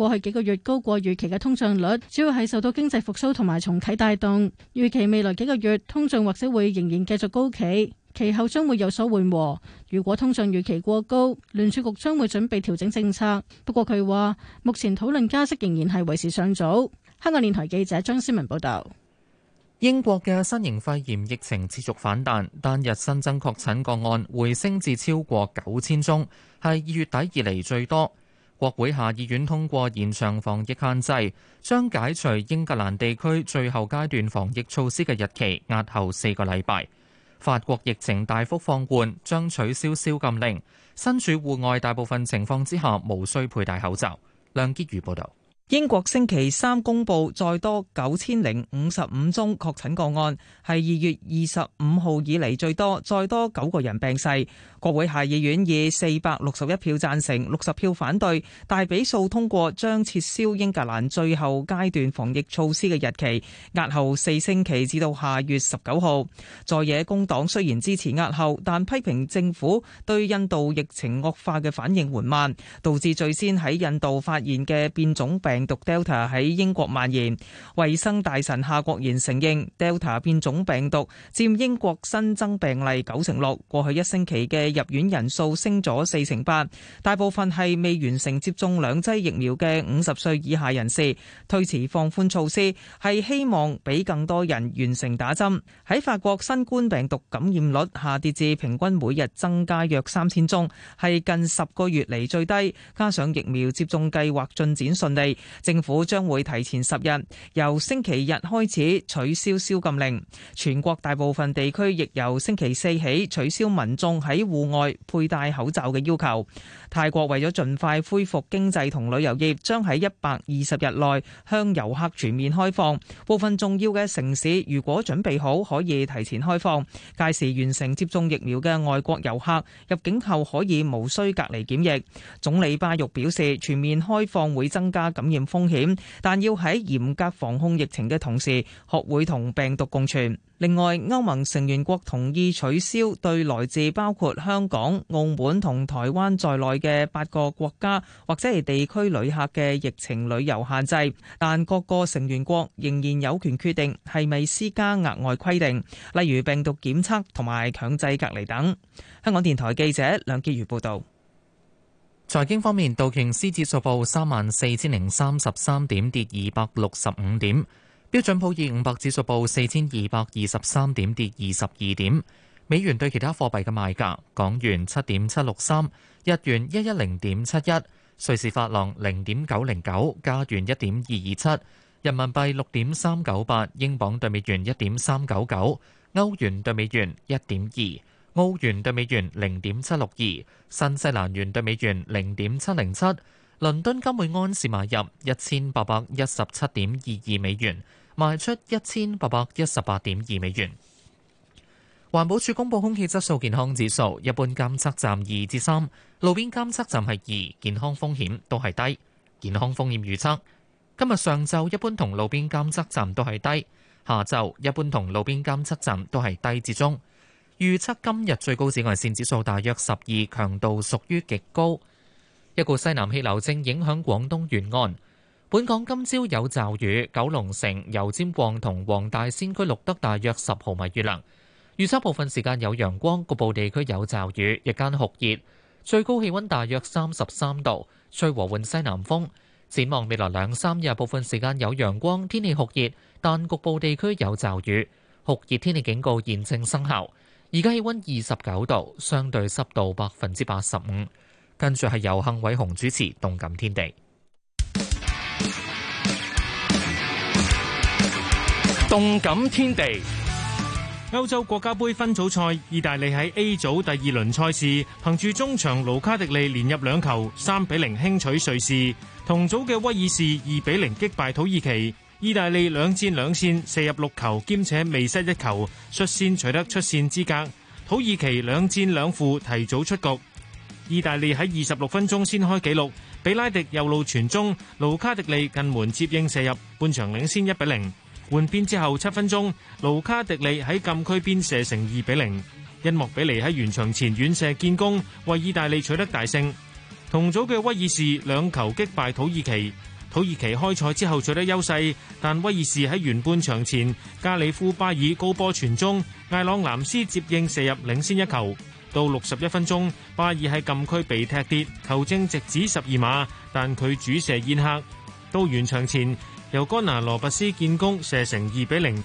過去幾個月高過預期嘅通脹率，主要係受到經濟復蘇同埋重啟帶動。預期未來幾個月通脹或者會仍然繼續高企，其後將會有所緩和。如果通脹預期過高，聯儲局將會準備調整政策。不過佢話目前討論加息仍然係為時尚早。香港電台記者張思文報道。英國嘅新型肺炎疫情持續反彈，單日新增確診個案回升至超過九千宗，係二月底以嚟最多。國會下議院通過延長防疫限制，將解除英格蘭地區最後階段防疫措施嘅日期押後四個禮拜。法國疫情大幅放緩，將取消宵禁令，身處戶外大部分情況之下無需佩戴口罩。梁潔如報道。英國星期三公布再多九千零五十五宗確診個案，係二月二十五號以嚟最多，再多九個人病逝。國會下議院以四百六十一票贊成、六十票反對，大比數通過將撤銷英格蘭最後階段防疫措施嘅日期，押後四星期至到下月十九號。在野工黨雖然支持押後，但批評政府對印度疫情惡化嘅反應緩慢，導致最先喺印度發現嘅變種病。病毒 Delta 喺英國蔓延，衛生大臣夏國賢承認 Delta 變種病毒佔英國新增病例九成六。過去一星期嘅入院人數升咗四成八，大部分係未完成接種兩劑疫苗嘅五十歲以下人士。推遲放寬措施係希望俾更多人完成打針。喺法國，新冠病毒感染率下跌至平均每日增加約三千宗，係近十個月嚟最低。加上疫苗接種計劃進展順利。政府將會提前十日，由星期日開始取消宵禁令。全國大部分地區亦由星期四起取消民眾喺戶外佩戴口罩嘅要求。泰國為咗盡快恢復經濟同旅遊業，將喺一百二十日內向遊客全面開放。部分重要嘅城市如果準備好，可以提前開放。屆時完成接種疫苗嘅外國遊客入境後可以無需隔離檢疫。總理巴育表示，全面開放會增加感風險，但要喺嚴格防控疫情嘅同時，學會同病毒共存。另外，歐盟成員國同意取消對來自包括香港、澳門同台灣在內嘅八個國家或者係地區旅客嘅疫情旅遊限制，但各個成員國仍然有權決定係咪施加額外規定，例如病毒檢測同埋強制隔離等。香港電台記者梁潔如報道。財經方面，道瓊斯指數報三萬四千零三十三點，跌二百六十五點；標準普爾五百指數報四千二百二十三點，跌二十二點。美元對其他貨幣嘅賣價：港元七點七六三，日元一一零點七一，瑞士法郎零點九零九，加元一點二二七，人民幣六點三九八，英鎊對美元一點三九九，歐元對美元一點二。澳元兌美元零點七六二，新西蘭元兌美元零點七零七，倫敦金每盎司買入一千八百一十七點二二美元，賣出一千八百一十八點二美元。環保署公布空氣質素健康指數，一般監測站二至三，路邊監測站係二，健康風險都係低。健康風險預測今日上晝一般同路邊監測站都係低，下晝一般同路邊監測站都係低至中。預測今日最高紫外線指數大約十二，強度屬於極高。一股西南氣流正影響廣東沿岸，本港今朝有驟雨，九龍城、油尖旺同黃大仙區錄得大約十毫米雨量。預測部分時間有陽光，局部地區有驟雨，日間酷熱，最高氣温大約三十三度，吹和緩西南風。展望未來兩三日，部分時間有陽光，天氣酷熱，但局部地區有驟雨，酷熱天氣警告現正生效。而家氣溫二十九度，相對濕度百分之八十五。跟住係由幸偉雄主持《動感天地》。《動感天地》歐洲國家杯分組賽，意大利喺 A 組第二輪賽事，憑住中場盧卡迪利連入兩球，三比零輕取瑞士。同組嘅威爾士二比零擊敗土耳其。意大利兩戰兩勝，射入六球，兼且未失一球，率先取得出線資格。土耳其兩戰兩負，提早出局。意大利喺二十六分鐘先開紀錄，比拉迪右路傳中，盧卡迪利近門接應射入，半場領先一比零。換邊之後七分鐘，盧卡迪利喺禁區邊射成二比零。因莫比尼喺完場前遠射建功，為意大利取得大勝。同組嘅威爾士兩球擊敗土耳其。土耳其開賽之後取得優勢，但威爾士喺完半場前，加里夫巴爾高波傳中，艾朗藍斯接應射入領先一球。到六十一分鐘，巴爾喺禁區被踢跌，球證直指十二碼，但佢主射宴客。到完場前，由干拿羅拔斯建功，射成二比零。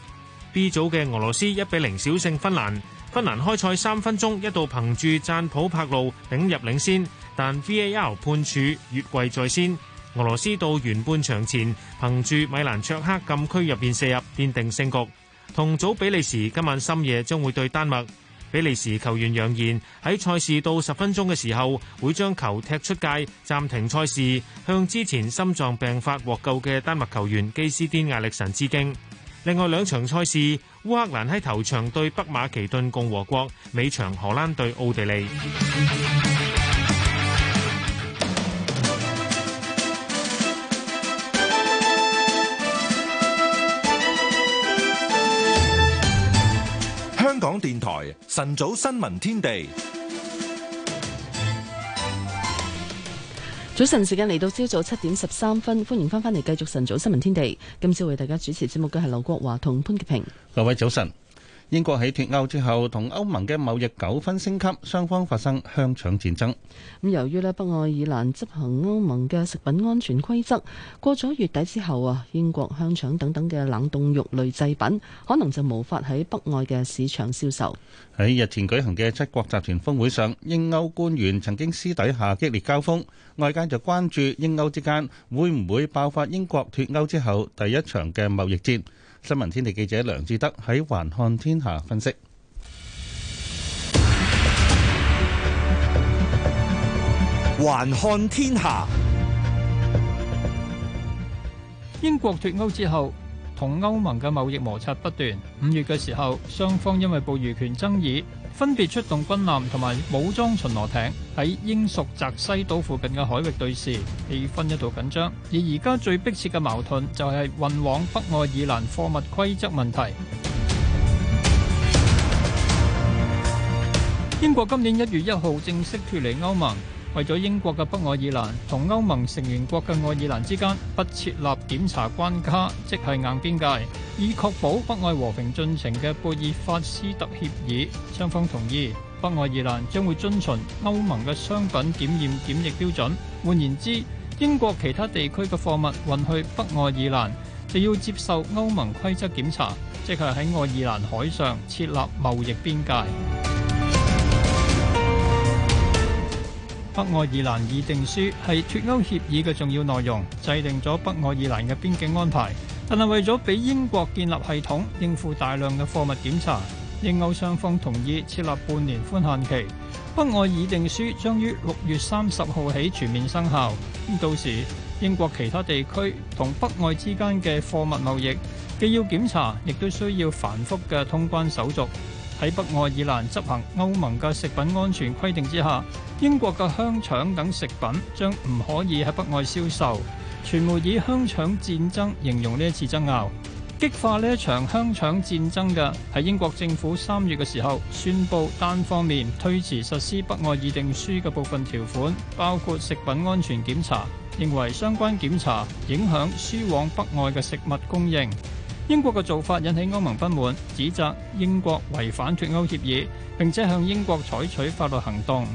B 組嘅俄羅斯一比零小勝芬蘭。芬蘭開賽三分鐘一度憑住讚普柏路頂入領先，但 VAR 判處越位在先。俄羅斯到完半場前，憑住米蘭卓克禁區入邊射入，奠定勝局。同組比利時今晚深夜將會對丹麥。比利時球員揚言喺賽事到十分鐘嘅時候，會將球踢出界，暫停賽事，向之前心臟病發獲救嘅丹麥球員基斯甸亞力神致敬。另外兩場賽事，烏克蘭喺頭場對北馬其頓共和國，尾場荷蘭對奧地利。電台晨早新聞天地，早晨時間嚟到朝早七點十三分，歡迎翻翻嚟繼續晨早新聞天地。今朝為大家主持節目嘅係劉國華同潘潔平，各位早晨。英國喺脫歐之後同歐盟嘅貿易糾紛升級，雙方發生香腸戰爭。咁由於呢北愛爾蘭執行歐盟嘅食品安全規則，過咗月底之後啊，英國香腸等等嘅冷凍肉類製品可能就無法喺北愛嘅市場銷售。喺日前舉行嘅七國集團峰會上，英歐官員曾經私底下激烈交鋒，外界就關注英歐之間會唔會爆發英國脫歐之後第一場嘅貿易戰。新聞天地記者梁志德喺《橫看天下》分析，《橫看天下》英國脫歐之後，同歐盟嘅貿易摩擦不斷。五月嘅時候，雙方因為捕魚權爭議。分別出動軍艦同埋武裝巡邏艇喺英屬澤西島附近嘅海域對峙，氣氛一度緊張。而而家最迫切嘅矛盾就係運往北愛爾蘭貨物規則問題。英國今年一月一號正式脫離歐盟。為咗英國嘅北愛爾蘭同歐盟成員國嘅愛爾蘭之間不設立檢查關卡，即係硬邊界，以確保北愛和平進程嘅貝爾法斯特協議，雙方同意北愛爾蘭將會遵循歐盟嘅商品檢驗檢疫標準。換言之，英國其他地區嘅貨物運去北愛爾蘭，就要接受歐盟規則檢查，即係喺愛爾蘭海上設立貿易邊界。北愛爾蘭議定書係脱歐協議嘅重要內容，制定咗北愛爾蘭嘅邊境安排。但係為咗俾英國建立系統應付大量嘅貨物檢查，英歐雙方同意設立半年寬限期。北愛議定書將於六月三十號起全面生效。到時英國其他地區同北愛之間嘅貨物貿易，既要檢查，亦都需要繁複嘅通關手續。喺北愛爾蘭執行歐盟嘅食品安全規定之下，英國嘅香腸等食品將唔可以喺北愛銷售。傳媒以香腸戰爭形容呢一次爭拗。激化呢一場香腸戰爭嘅係英國政府三月嘅時候宣布單方面推遲實施北愛議定書嘅部分條款，包括食品安全檢查，認為相關檢查影響輸往北愛嘅食物供應。英國嘅做法引起歐盟不滿，指責英國違反脫歐協議，並且向英國採取法律行動。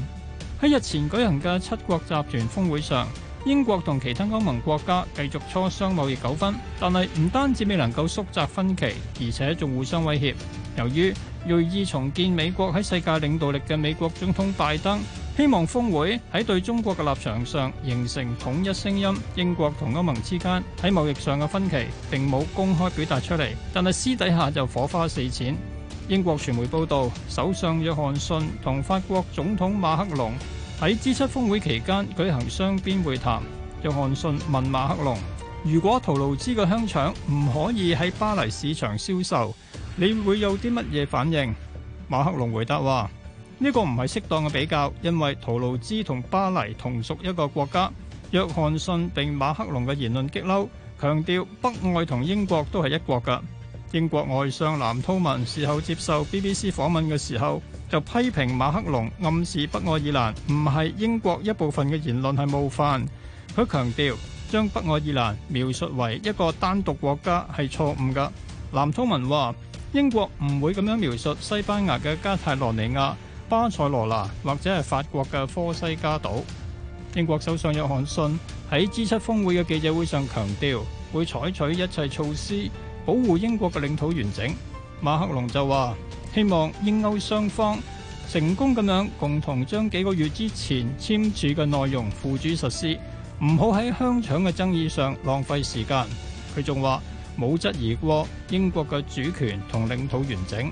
喺日前舉行嘅七國集團峰會上，英國同其他歐盟國家繼續磋商貿易糾紛，但係唔單止未能夠縮窄分歧，而且仲互相威脅。由於銳意重建美國喺世界領導力嘅美國總統拜登。希望峰會喺對中國嘅立場上形成統一聲音。英國同歐盟之間喺貿易上嘅分歧，並冇公開表達出嚟，但係私底下就火花四濺。英國傳媒報道，首相約翰遜同法國總統馬克龍喺 G7 峰會期間舉行雙邊會談。約翰遜問馬克龍：如果圖盧茲嘅香腸唔可以喺巴黎市場銷售，你會有啲乜嘢反應？馬克龍回答話。呢個唔係適當嘅比較，因為圖盧茲同巴黎同屬一個國家。約翰遜被馬克龍嘅言論激嬲，強調北愛同英國都係一國噶。英國外相藍韜文事後接受 BBC 訪問嘅時候，就批評馬克龍暗示北愛爾蘭唔係英國一部分嘅言論係冒犯。佢強調將北愛爾蘭描述為一個單獨國家係錯誤噶，藍韜文話英國唔會咁樣描述西班牙嘅加泰羅尼亞。巴塞羅那或者係法國嘅科西嘉島，英國首相約翰遜喺 G7 峰會嘅記者會上強調，會採取一切措施保護英國嘅領土完整。馬克龍就話，希望英歐雙方成功咁樣共同將幾個月之前簽署嘅內容付諸實施，唔好喺香腸嘅爭議上浪費時間。佢仲話，冇質疑過英國嘅主權同領土完整。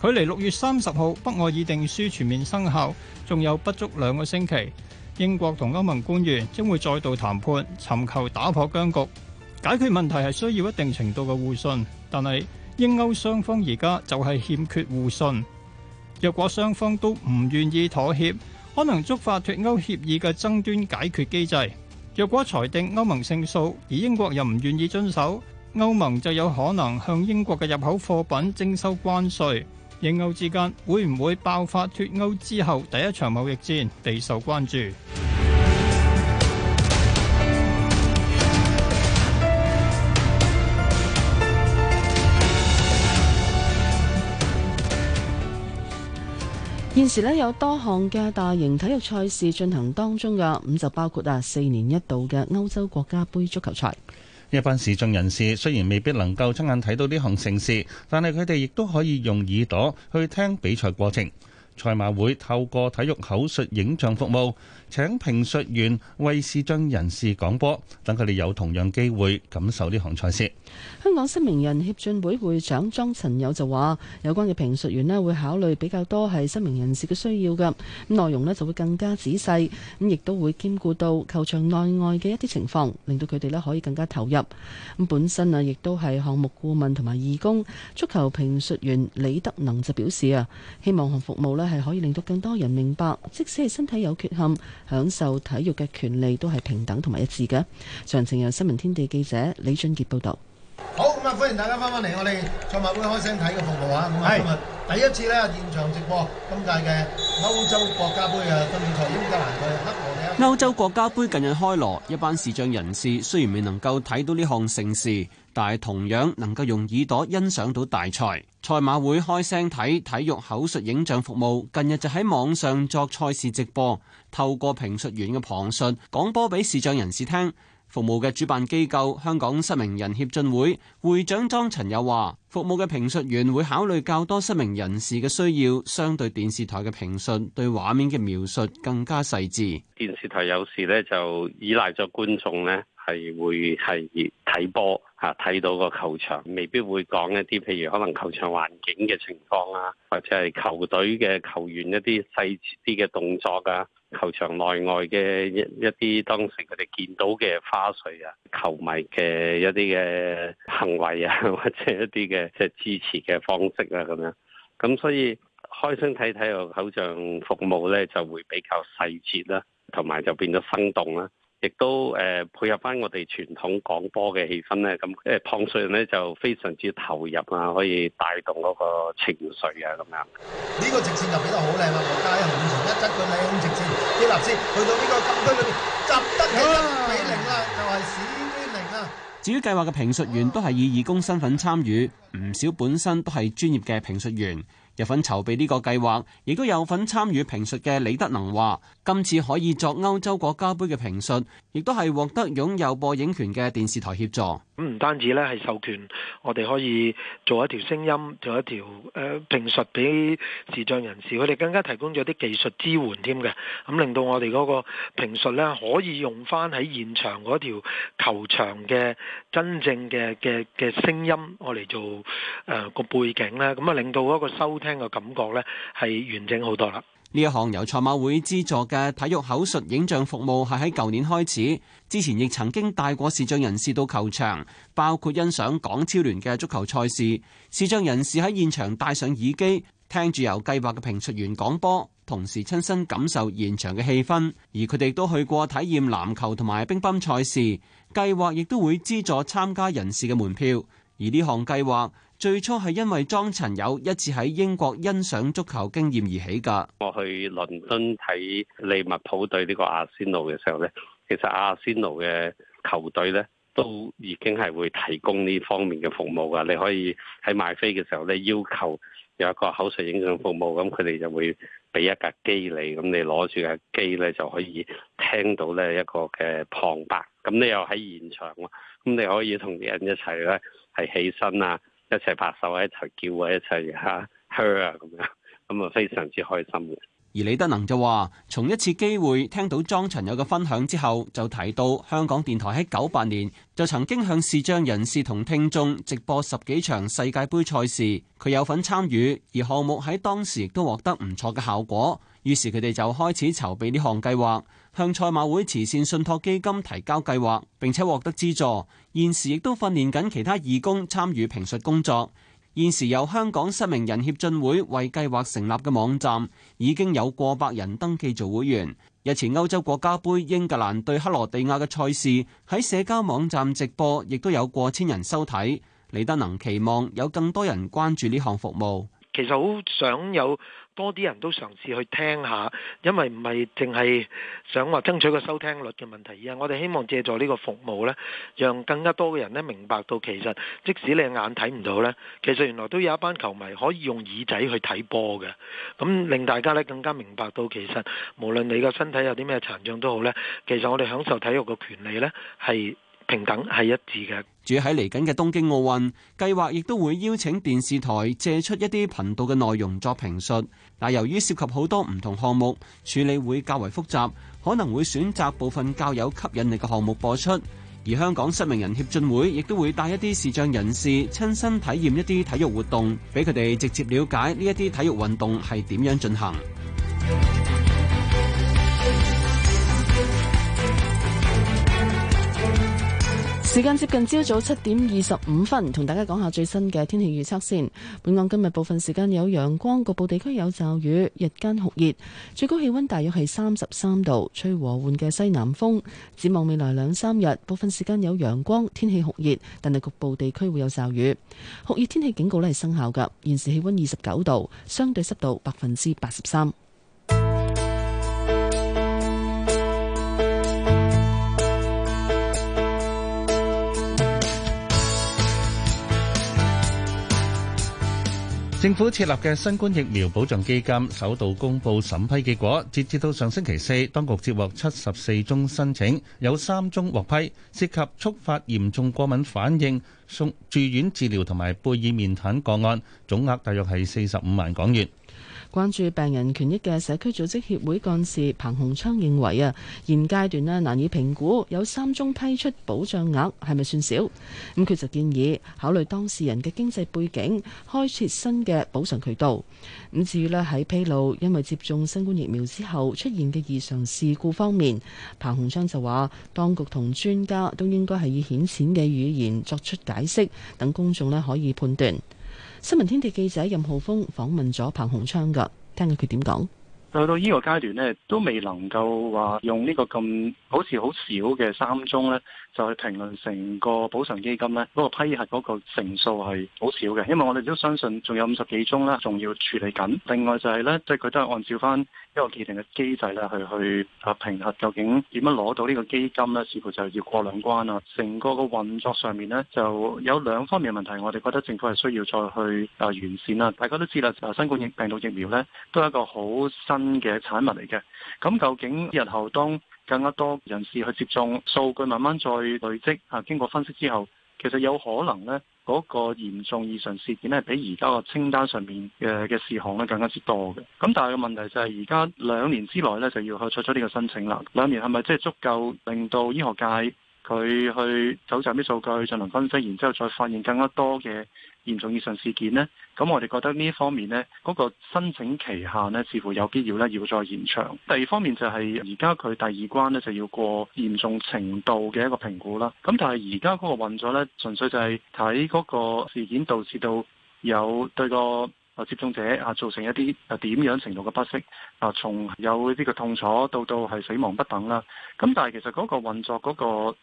距離六月三十號北愛爾蘭議定書全面生效仲有不足兩個星期，英國同歐盟官員將會再度談判，尋求打破僵局，解決問題係需要一定程度嘅互信。但係英歐雙方而家就係欠缺互信。若果雙方都唔願意妥協，可能觸發脱歐協議嘅爭端解決機制。若果裁定歐盟勝訴，而英國又唔願意遵守，歐盟就有可能向英國嘅入口貨品徵收關稅。英歐之間會唔會爆發脱歐之後第一場貿易戰，備受關注。現時呢有多項嘅大型體育賽事進行當中噶，咁就包括啊，四年一度嘅歐洲國家盃足球賽。一班視障人士雖然未必能夠親眼睇到呢項盛事，但係佢哋亦都可以用耳朵去聽比賽過程。賽馬會透過體育口述影像服務。請評述員為視障人士講波，等佢哋有同樣機會感受呢項賽事。香港失明人協進會會長莊陳友就話：有關嘅評述員咧，會考慮比較多係失明人士嘅需要嘅，咁內容咧就會更加仔細咁，亦都會兼顧到球場內外嘅一啲情況，令到佢哋咧可以更加投入咁。本身啊，亦都係項目顧問同埋義工足球評述員李德能就表示啊，希望項服務咧係可以令到更多人明白，即使係身體有缺陷。享受體育嘅權利都係平等同埋一致嘅。詳情由新聞天地記者李俊傑報道。好，咁啊，歡迎大家翻返嚟，我哋賽馬會開聲睇嘅服務啊。咁啊是，今日第一次呢，現場直播今屆嘅歐洲國家杯嘅半決賽，英格蘭對荷蘭。歐洲國家杯近日開鑼，一班視障人士雖然未能夠睇到呢項盛事，但係同樣能夠用耳朵欣賞到大賽。賽馬會開聲睇體育口述影像服務，近日就喺網上作賽事直播。透過評述員嘅旁述，講波俾視障人士聽。服務嘅主辦機構香港失明人協進會會長莊陳友話，服務嘅評述員會考慮較多失明人士嘅需要，相對電視台嘅評述對畫面嘅描述更加細緻。電視台有時咧就依賴咗觀眾呢係會係睇波吓睇到個球場，未必會講一啲譬如可能球場環境嘅情況啊，或者係球隊嘅球員一啲細緻啲嘅動作㗎。球場內外嘅一一啲當時佢哋見到嘅花絮啊，球迷嘅一啲嘅行為啊，或者一啲嘅即係支持嘅方式啊，咁樣，咁所以開心睇體，體育口像服務咧就會比較細節啦，同埋就變咗生動啦。亦都誒配合翻我哋傳統廣播嘅氣氛咧，咁誒旁述人咧就非常之投入啊，可以帶動嗰個情緒啊，咁樣。呢個直線就俾得好靚啦，羅家欣完全一質個體空直線，啲粒子去到呢個禁區裏邊集得起一比零啦，就係、啊、史一零啦。至於計劃嘅評述員都係以義工身份參與，唔少本身都係專業嘅評述員，有份籌備呢個計劃，亦都有份參與評述嘅李德能話。今次可以作歐洲國家杯嘅評述，亦都係獲得擁有播映權嘅電視台協助。咁唔、嗯、單止咧係授權我哋可以做一條聲音，做一條誒、呃、評述俾視障人士，佢哋更加提供咗啲技術支援添嘅，咁、嗯、令到我哋嗰個評述咧可以用翻喺現場嗰條球場嘅真正嘅嘅嘅聲音，我嚟做誒個背景咧，咁、嗯、啊令到嗰個收聽嘅感覺咧係完整好多啦。呢一項由賽馬會資助嘅體育口述影像服務係喺舊年開始，之前亦曾經帶過視障人士到球場，包括欣賞港超聯嘅足球賽事。視障人士喺現場戴上耳機，聽住由計劃嘅評述員講波，同時親身感受現場嘅氣氛。而佢哋都去過體驗籃球同埋乒乓賽事。計劃亦都會資助參加人士嘅門票。而呢項計劃。最初係因為莊陳友一次喺英國欣賞足球經驗而起㗎。我去倫敦睇利物浦對呢個阿仙奴嘅時候呢，其實阿仙奴嘅球隊呢都已經係會提供呢方面嘅服務㗎。你可以喺買飛嘅時候呢，要求有一個口述影像服務，咁佢哋就會俾一架機你，咁你攞住架機呢就可以聽到呢一個嘅旁白。咁你又喺現場喎，咁你可以同人一齊呢係起身啊～一齊拍手，一齊叫，一齊吓佢啊咁樣，咁啊非常之開心嘅。而李德能就話，從一次機會聽到莊陳友嘅分享之後，就提到香港電台喺九八年就曾經向視障人士同聽眾直播十幾場世界盃賽事，佢有份參與，而項目喺當時亦都獲得唔錯嘅效果，於是佢哋就開始籌備呢項計劃。向賽馬會慈善信託基金提交計劃，並且獲得資助。現時亦都訓練緊其他義工參與評述工作。現時由香港失明人協進會為計劃成立嘅網站，已經有過百人登記做會員。日前歐洲國家盃英格蘭對克羅地亞嘅賽事喺社交網站直播，亦都有過千人收睇。李德能期望有更多人關注呢項服務。其實好想有。多啲人都嘗試去聽下，因為唔係淨係想話爭取個收聽率嘅問題啊！而係我哋希望借助呢個服務呢，讓更加多嘅人呢，明白到，其實即使你眼睇唔到呢，其實原來都有一班球迷可以用耳仔去睇波嘅。咁令大家呢，更加明白到，其實無論你個身體有啲咩殘障都好呢，其實我哋享受體育嘅權利呢係。平等係一致嘅。主要喺嚟緊嘅東京奧運計劃，亦都會邀請電視台借出一啲頻道嘅內容作評述。但由於涉及好多唔同項目，處理會較為複雜，可能會選擇部分較有吸引力嘅項目播出。而香港失明人協進會亦都會帶一啲視障人士親身體驗一啲體育活動，俾佢哋直接了解呢一啲體育運動係點樣進行。時間接近朝早七點二十五分，同大家講下最新嘅天氣預測先。本港今日部分時間有陽光，局部地區有驟雨，日間酷熱，最高氣温大約係三十三度，吹和緩嘅西南風。展望未來兩三日，部分時間有陽光，天氣酷熱，但係局部地區會有驟雨。酷熱天氣警告咧係生效噶，現時氣温二十九度，相對濕度百分之八十三。政府設立嘅新冠疫苗保障基金，首度公布審批結果。截至到上星期四，當局接獲七十四宗申請，有三宗獲批，涉及觸發嚴重過敏反應、送住院治療同埋貝爾面癱個案，總額大約係四十五萬港元。關注病人權益嘅社區組織協會幹事彭洪昌認為啊，現階段咧難以評估有三宗批出保障額係咪算少，咁、嗯、佢就建議考慮當事人嘅經濟背景，開設新嘅補償渠道。咁、嗯、至於咧喺披露因為接種新冠疫苗之後出現嘅異常事故方面，彭洪昌就話當局同專家都應該係以顯淺嘅語言作出解釋，等公眾咧可以判斷。新聞天地記者任浩峰訪問咗彭洪昌㗎，聽下佢點講。去到呢個階段咧，都未能夠話用呢個咁好似好少嘅三宗咧，就去評論成個補償基金咧，嗰個批核嗰個成數係好少嘅。因為我哋都相信仲有五十幾宗咧，仲要處理緊。另外就係咧，即係佢都係按照翻一個既定嘅機制咧，去去啊評核究竟點樣攞到呢個基金咧，似乎就要過兩關啊。成個個運作上面咧，就有兩方面嘅問題，我哋覺得政府係需要再去啊完善啦。大家都知啦，新冠疫病毒疫苗咧，都係一個好嘅產物嚟嘅，咁究竟日後當更加多人士去接種，數據慢慢再累積，啊，經過分析之後，其實有可能呢嗰個嚴重異常事件咧，比而家個清單上面嘅嘅事項咧，更加之多嘅。咁但係個問題就係，而家兩年之內呢，就要去作出呢個申請啦。兩年係咪即係足夠令到醫學界？佢去蒐集啲數據進行分析，然之後再發現更加多嘅嚴重以上事件呢，咁我哋覺得呢一方面呢嗰個申請期限呢，似乎有必要呢要再延長。第二方面就係而家佢第二關呢就要過嚴重程度嘅一個評估啦。咁但係而家嗰個運作呢，純粹就係睇嗰個事件導致到有對個，個接種者啊，造成一啲啊點樣程度嘅不適啊，從有啲嘅痛楚到到係死亡不等啦。咁但係其實嗰個運作嗰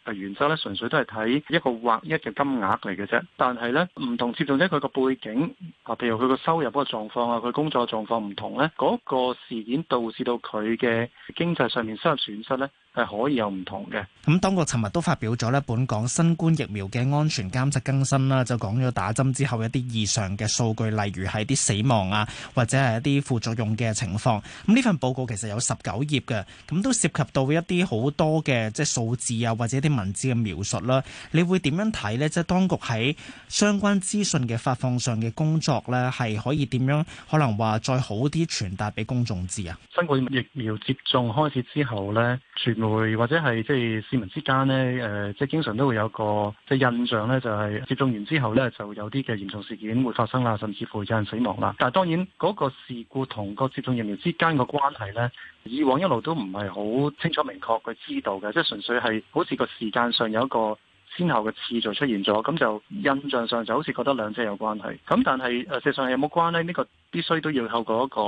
個原則咧，純粹都係睇一個劃一嘅金額嚟嘅啫。但係咧，唔同接種者佢個背景啊，譬如佢個收入嗰個狀況啊，佢工作嘅狀況唔同咧，嗰個事件導致到佢嘅經濟上面收入損失咧。係可以有唔同嘅。咁當局尋日都發表咗呢本港新冠疫苗嘅安全監測更新啦，就講咗打針之後一啲異常嘅數據，例如係啲死亡啊，或者係一啲副作用嘅情況。咁呢份報告其實有十九頁嘅，咁都涉及到一啲好多嘅即係數字啊，或者一啲文字嘅描述啦。你會點樣睇呢？即係當局喺相關資訊嘅發放上嘅工作呢，係可以點樣可能話再好啲傳達俾公眾知啊？新冠疫苗接種開始之後呢。全或者係即係市民之間呢，誒、呃、即係經常都會有個即係印象呢，就係、是、接種完之後呢，就有啲嘅嚴重事件會發生啦，甚至乎有人死亡啦。但係當然嗰、那個事故同個接種疫苗之間個關係呢，以往一路都唔係好清楚明確佢知道嘅，即係純粹係好似個時間上有一個先後嘅次序出現咗，咁就印象上就好似覺得兩者有關係。咁但係誒，實上係有冇關呢？呢個必須都要透過一個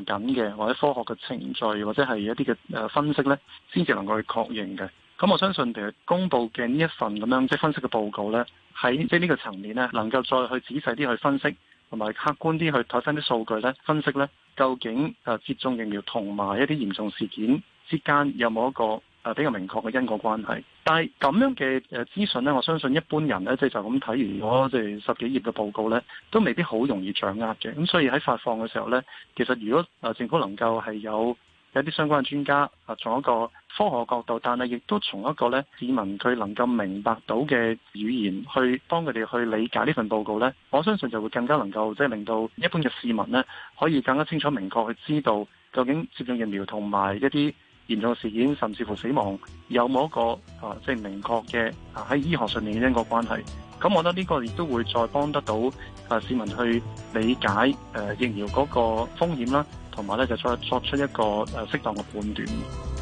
嚴謹嘅或者科學嘅程序，或者係一啲嘅誒分析呢，先至能夠去確認嘅。咁我相信其實公佈嘅呢一份咁樣即係分析嘅報告呢，喺即係呢個層面呢，能夠再去仔細啲去分析，同埋客觀啲去睇翻啲數據呢，分析呢究竟誒接種疫苗同埋一啲嚴重事件之間有冇一個啊，比較明確嘅因果關係，但係咁樣嘅誒資訊呢，我相信一般人呢，即係就咁睇完我哋十幾頁嘅報告呢，都未必好容易掌握嘅。咁所以喺發放嘅時候呢，其實如果啊政府能夠係有一啲相關專家啊，從一個科學角度，但係亦都從一個呢市民佢能夠明白到嘅語言，去幫佢哋去理解呢份報告呢，我相信就會更加能夠即係令到一般嘅市民呢，可以更加清楚明確去知道究竟接種疫苗同埋一啲。嚴重事件，甚至乎死亡，有冇一個、呃、啊，即係明確嘅啊，喺醫學上面嘅因果關係？咁、嗯、我覺得呢、呢個亦都會再幫得到啊市民去理解誒、呃、疫苗嗰個風險啦，同埋咧就作出一個誒、啊、適當嘅判斷。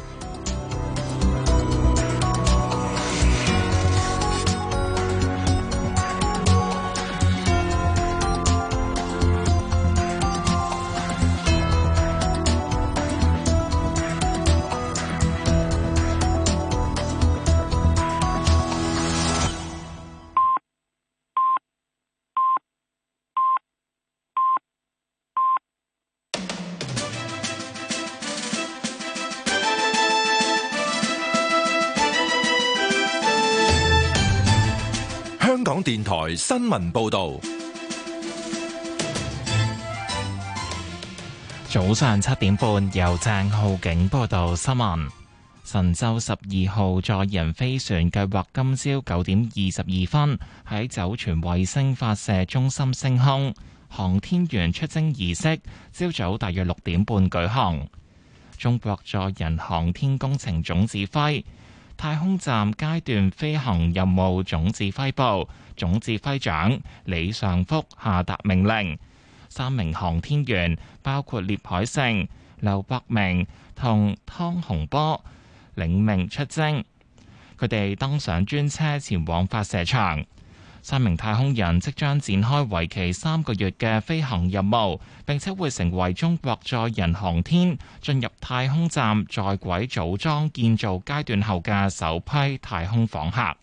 台新聞報道，早上七點半由鄭浩景報道新聞。神舟十二號載人飛船計劃今朝九點二十二分喺酒泉衛星發射中心升空，航天員出征儀式朝早大約六點半舉行。中國載人航天工程總指揮、太空站階段飛行任務總指揮部。總指揮長李尚福下達命令，三名航天員包括聶海勝、劉伯明同湯洪波領命出征。佢哋登上專車前往發射場。三名太空人即將展開為期三個月嘅飛行任務，並且會成為中國載人航天進入太空站在軌組裝建造階段後嘅首批太空訪客。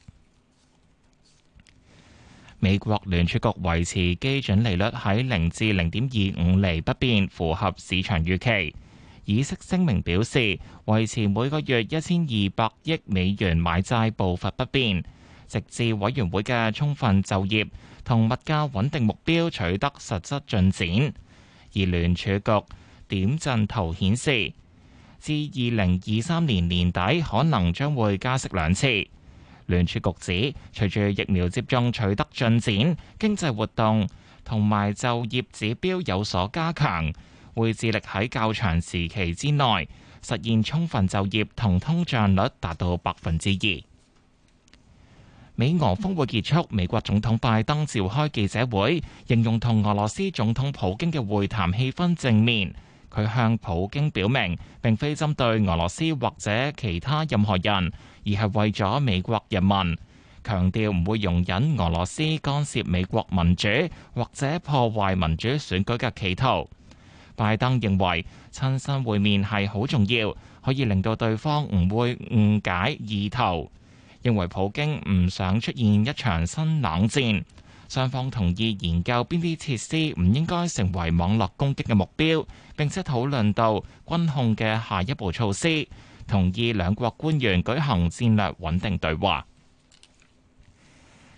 美國聯儲局維持基準利率喺零至零點二五厘不變，符合市場預期。議息聲明表示，維持每個月一千二百億美元買債步伐不變，直至委員會嘅充分就業同物價穩定目標取得實質進展。而聯儲局點陣圖顯示，至二零二三年年底可能將會加息兩次。聯儲局指，隨住疫苗接種取得進展，經濟活動同埋就業指標有所加強，會致力喺較長時期之內實現充分就業同通脹率達到百分之二。美俄峰會結束，美國總統拜登召開記者會，形容同俄羅斯總統普京嘅會談氣氛正面。佢向普京表明，並非針對俄羅斯或者其他任何人，而係為咗美國人民，強調唔會容忍俄羅斯干涉美國民主或者破壞民主選舉嘅企圖。拜登認為親身會面係好重要，可以令到對方唔會誤解意圖，認為普京唔想出現一場新冷戰。雙方同意研究邊啲設施唔應該成為網絡攻擊嘅目標，並且討論到軍控嘅下一步措施。同意兩國官員舉行戰略穩定對話。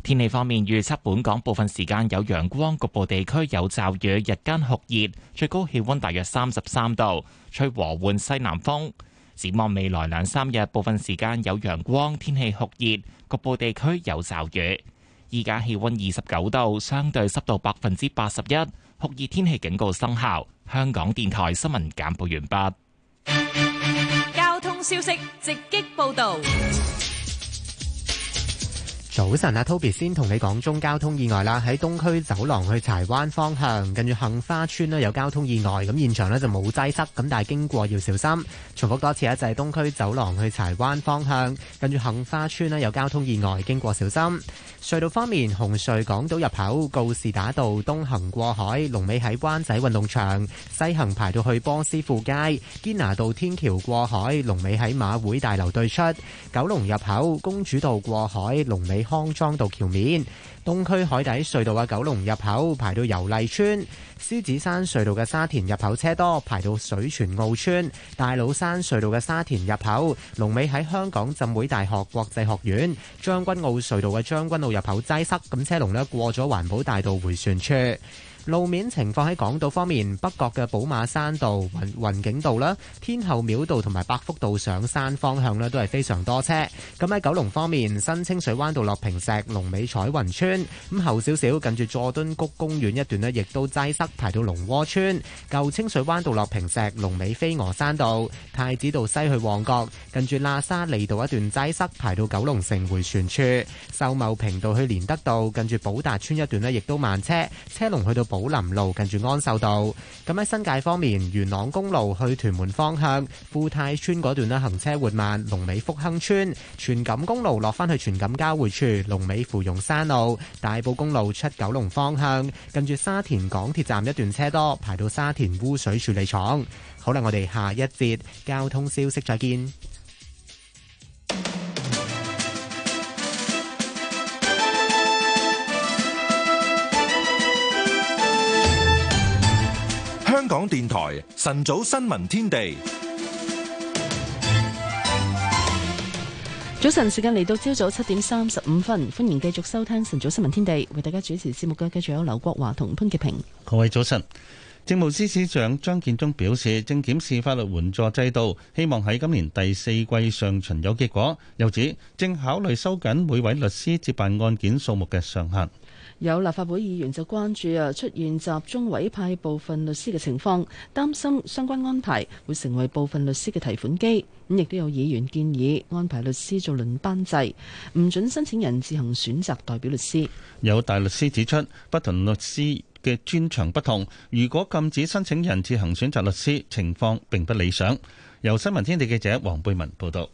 天氣方面，預測本港部分時間有陽光，局部地區有驟雨，日間酷熱，最高氣溫大約三十三度，吹和緩西南風。展望未來兩三日，部分時間有陽光，天氣酷熱，局部地區有驟雨。依家氣溫二十九度，相對濕度百分之八十一，酷熱天氣警告生效。香港電台新聞簡報完畢。交通消息直擊報道。早晨啊，Toby 先同你講中交通意外啦。喺東區走廊去柴灣方向，近住杏花村咧，有交通意外，咁現場呢就冇擠塞，咁但係經過要小心。重複多次啊，就係東區走廊去柴灣方向，近住杏花村咧，有交通意外，經過小心。隧道方面，紅隧港島入口告士打道東行過海，龍尾喺灣仔運動場；西行排到去波斯富街堅拿道天橋過海，龍尾喺馬會大樓對出；九龍入口公主道過海，龍尾康莊道橋面。東區海底隧道嘅九龍入口排到油麗村，獅子山隧道嘅沙田入口車多排到水泉澳村，大老山隧道嘅沙田入口龍尾喺香港浸會大學國際學院，將軍澳隧道嘅將軍澳入口擠塞，咁車龍咧過咗環保大道回旋處。路面情況喺港島方面，北角嘅寶馬山道、雲雲景道啦、天后廟道同埋百福道上山方向咧，都係非常多車。咁喺九龍方面，新清水灣道落坪石、龍尾彩雲村，咁後少少近住佐敦谷公園一段咧，亦都擠塞排到龍窩村。舊清水灣道落坪石、龍尾飛鵝山道、太子道西去旺角，近住喇沙利道一段擠塞排到九龍城回旋處。秀茂坪道去連德道，近住寶達村一段咧，亦都慢車，車龍去到寶林路近住安秀道，咁喺新界方面，元朗公路去屯門方向，富泰村嗰段呢，行車緩慢；龍尾福亨村，荃錦公路落返去荃錦交匯處，龍尾芙蓉山路，大埔公路出九龍方向，近住沙田港鐵站一段車多，排到沙田污水處理廠。好啦，我哋下一節交通消息再見。電台晨早新聞天地，早晨時間嚟到朝早七點三十五分，歡迎繼續收聽晨早新聞天地，為大家主持節目嘅繼續有劉國華同潘潔平。各位早晨，政務司司長張建宗表示，正檢視法律援助制度，希望喺今年第四季上旬有結果。又指正考慮收緊每位律師接辦案件數目嘅上限。有立法會議員就關注啊出現集中委派部分律師嘅情況，擔心相關安排會成為部分律師嘅提款機。咁亦都有議員建議安排律師做輪班制，唔准申請人自行選擇代表律師。有大律師指出，不同律師嘅專長不同，如果禁止申請人自行選擇律師，情況並不理想。由新聞天地記者黃貝文報道。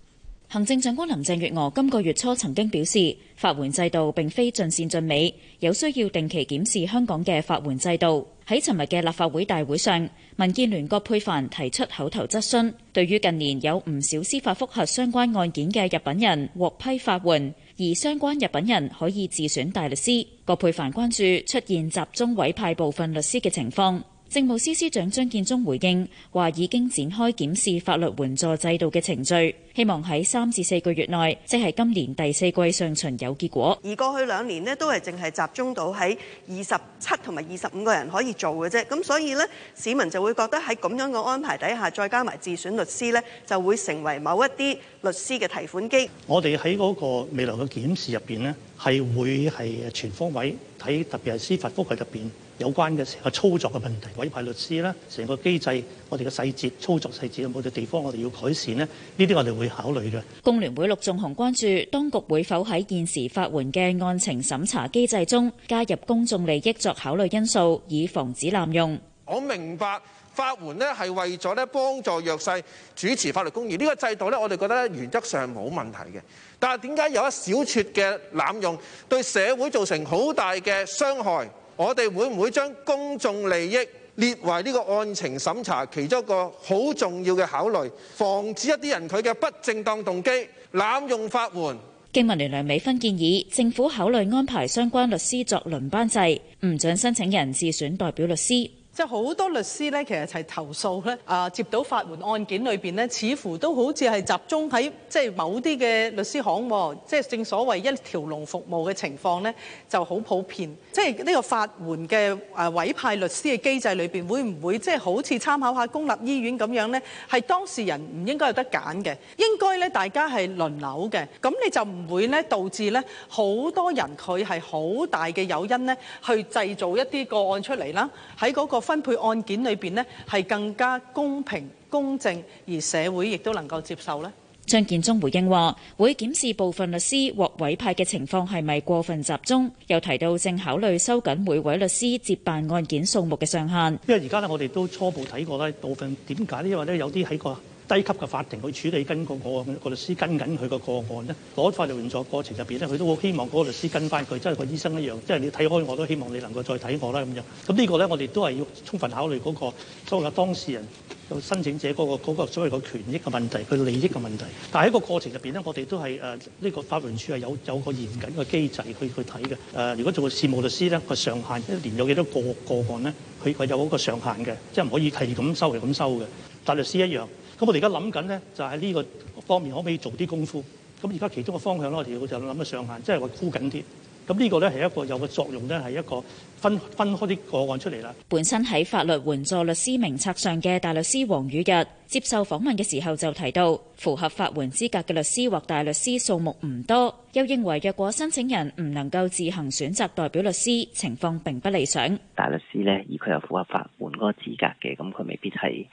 行政長官林鄭月娥今個月初曾經表示，法援制度並非盡善盡美，有需要定期檢視香港嘅法援制度。喺尋日嘅立法會大會上，民建聯郭佩凡提出口頭質詢，對於近年有唔少司法覆核相關案件嘅日本人獲批法援，而相關日本人可以自選大律師，郭佩凡關注出現集中委派部分律師嘅情況。政務司司長張建宗回應話，已經展開檢視法律援助制度嘅程序，希望喺三至四個月內，即係今年第四季上旬有結果。而過去兩年呢，都係淨係集中到喺二十七同埋二十五個人可以做嘅啫，咁所以呢，市民就會覺得喺咁樣嘅安排底下，再加埋自選律師呢，就會成為某一啲律師嘅提款機。我哋喺嗰個未來嘅檢視入邊呢，係會係全方位睇，特別係司法覆蓋入邊。有關嘅成個操作嘅問題，委派律師啦，成個機制，我哋嘅細節操作細節有冇啲地方我哋要改善呢？呢啲我哋會考慮嘅。工聯會陸仲雄關注，當局會否喺現時法援嘅案情審查機制中加入公眾利益作考慮因素，以防止濫用？我明白法援呢係為咗咧幫助弱勢，主持法律公義。呢、這個制度呢，我哋覺得原則上冇問題嘅。但係點解有一小撮嘅濫用，對社會造成好大嘅傷害？我哋會唔會將公眾利益列為呢個案情審查其中一個好重要嘅考慮，防止一啲人佢嘅不正當動機濫用法援？經民聯梁美芬建議，政府考慮安排相關律師作輪班制，唔准申請人自選代表律師。即係好多律師咧，其實係投訴咧，啊，接到法援案件裏邊咧，似乎都好似係集中喺即係某啲嘅律師行，即係正所謂一條龍服務嘅情況咧就好普遍。即係呢個法援嘅誒委派律師嘅機制裏邊會唔會即係好似參考下公立醫院咁樣咧？係當事人唔應該有得揀嘅，應該咧大家係輪流嘅，咁你就唔會咧導致咧好多人佢係好大嘅誘因咧，去製造一啲個案出嚟啦。喺嗰個分配案件裏邊呢，係更加公平公正，而社會亦都能夠接受呢。張建中回應話，會檢視部分律師獲委派嘅情況，係咪過分集中，又提到正考慮收緊每位律師接辦案件數目嘅上限。因為而家呢，我哋都初步睇過呢部分點解呢，因為咧有啲喺個。低級嘅法庭，去處理跟個個律師跟緊佢個個案咧，攞法律援助過程入邊咧，佢都好希望嗰個律師跟翻佢，即係個醫生一樣，即係你睇開我，我都希望你能夠再睇我啦咁樣。咁呢個咧，我哋都係要充分考慮嗰個所謂嘅當事人、有申請者嗰個所謂嘅權益嘅問題、佢利益嘅問題。但係喺個過程入邊咧，我哋都係誒呢個法律援助係有有個嚴謹嘅機制去去睇嘅。誒，如果做個事務律師咧，個上限一年有幾多個個案咧？佢係有嗰個上限嘅，即係唔可以係咁收嚟咁收嘅。但律師一樣。咁我哋而家諗緊呢，就喺呢個方面可唔可以做啲功夫？咁而家其中個方向咧，我哋就諗嘅上限，即係我箍緊啲。咁呢個呢，係一個有個作用，呢，係一個分分開啲個案出嚟啦。本身喺法律援助律師名冊上嘅大律師黃宇日接受訪問嘅時候就提到，符合法援資格嘅律師或大律師數目唔多，又認為若果申請人唔能夠自行選擇代表律師，情況並不理想。大律師呢，以佢又符合法援嗰個資格嘅，咁佢未必係。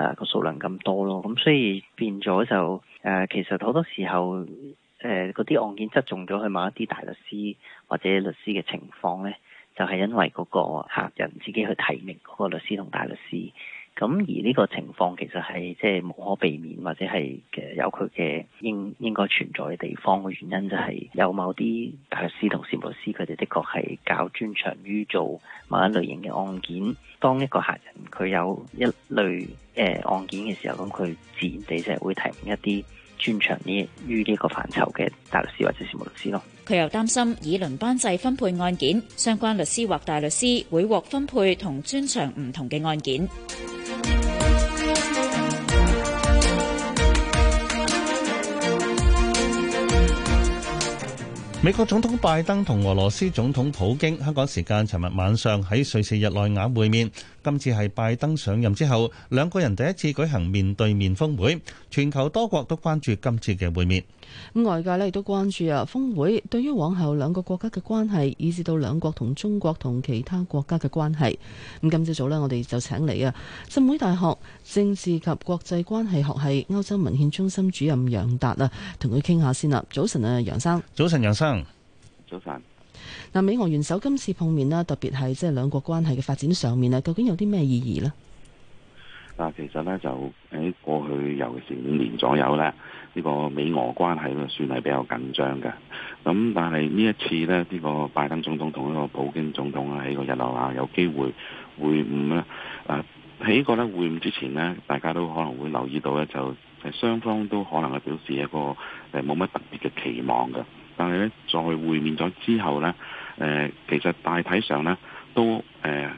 啊，個數量咁多咯，咁所以變咗就誒、呃，其實好多時候誒，嗰、呃、啲案件側重咗去某一啲大律師或者律師嘅情況呢，就係、是、因為嗰個客人自己去提名嗰個律師同大律師。咁而呢個情況其實係即係無可避免，或者係嘅有佢嘅應應該存在嘅地方嘅原因，就係有某啲大律師同事務師佢哋的確係較專長於做某一類型嘅案件。當一個客人佢有一類誒、呃、案件嘅時候，咁佢自然地就係會提供一啲，專長呢於呢個範疇嘅大律師或者事務律師咯。佢又擔心以輪班制分配案件，相關律師或大律師會獲分配同專長唔同嘅案件。美國總統拜登同俄羅斯總統普京，香港時間尋日晚上喺瑞士日內瓦會面。今次係拜登上任之後，兩個人第一次舉行面對面峰會。全球多國都關注今次嘅會面。咁外界呢亦都關注啊，峰會對於往後兩個國家嘅關係，以至到兩國同中國同其他國家嘅關係。咁今朝早呢，我哋就請嚟啊，浸會大學政治及國際關係學系歐洲文獻中心主任楊達啊，同佢傾下先啦。早晨啊，楊生。早晨，楊生。早晨。嗱，美俄元首今次碰面啦，特別係即係兩國關係嘅發展上面啊，究竟有啲咩意義呢？嗱，其實呢，就喺過去，尤其是五年左右呢，呢個美俄關係，呢算係比較緊張嘅。咁但係呢一次呢，呢個拜登總統同一個普京總統喺個日內瓦有機會會晤呢。啊，喺呢個呢會晤之前呢，大家都可能會留意到呢，就雙方都可能係表示一個誒冇乜特別嘅期望嘅。但係咧，在會面咗之後呢，誒、呃、其實大體上呢，都誒、呃、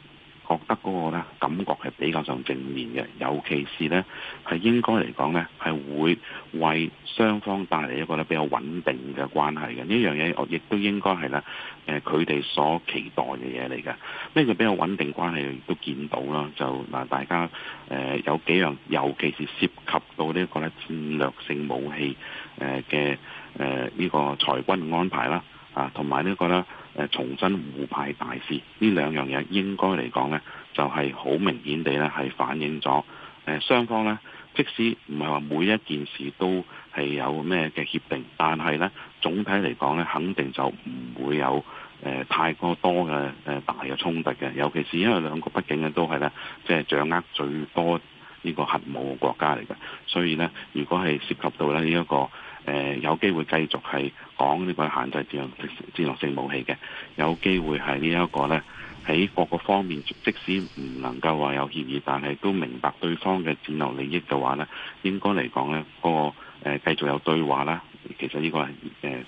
覺得嗰個呢感覺係比較上正面嘅，尤其是呢，係應該嚟講呢，係會為雙方帶嚟一個咧比較穩定嘅關係嘅。呢樣嘢我亦都應該係啦，誒佢哋所期待嘅嘢嚟嘅。呢個比較穩定關係,都,、呃、定關係都見到啦，就嗱、呃、大家誒、呃、有幾樣，尤其是涉及到呢一個咧戰略性武器誒嘅。呃誒呢、呃這個裁軍安排啦，啊同埋呢個咧誒重新互派大使呢兩樣嘢，應該嚟講呢，就係、是、好明顯地呢係反映咗誒雙方呢，即使唔係話每一件事都係有咩嘅協定，但係呢，總體嚟講呢，肯定就唔會有誒、呃、太過多嘅誒、呃、大嘅衝突嘅。尤其是因為兩個畢竟嘅都係呢，即、就、係、是、掌握最多呢個核武嘅國家嚟嘅，所以呢，如果係涉及到呢、這、一個。誒、呃、有機會繼續係講呢個限制戰略戰略性武器嘅，有機會係呢一個呢，喺各個方面，即使唔能夠話有協議，但係都明白對方嘅戰略利益嘅話呢，應該嚟講呢、那個誒、呃、繼續有對話啦。其實呢個係誒、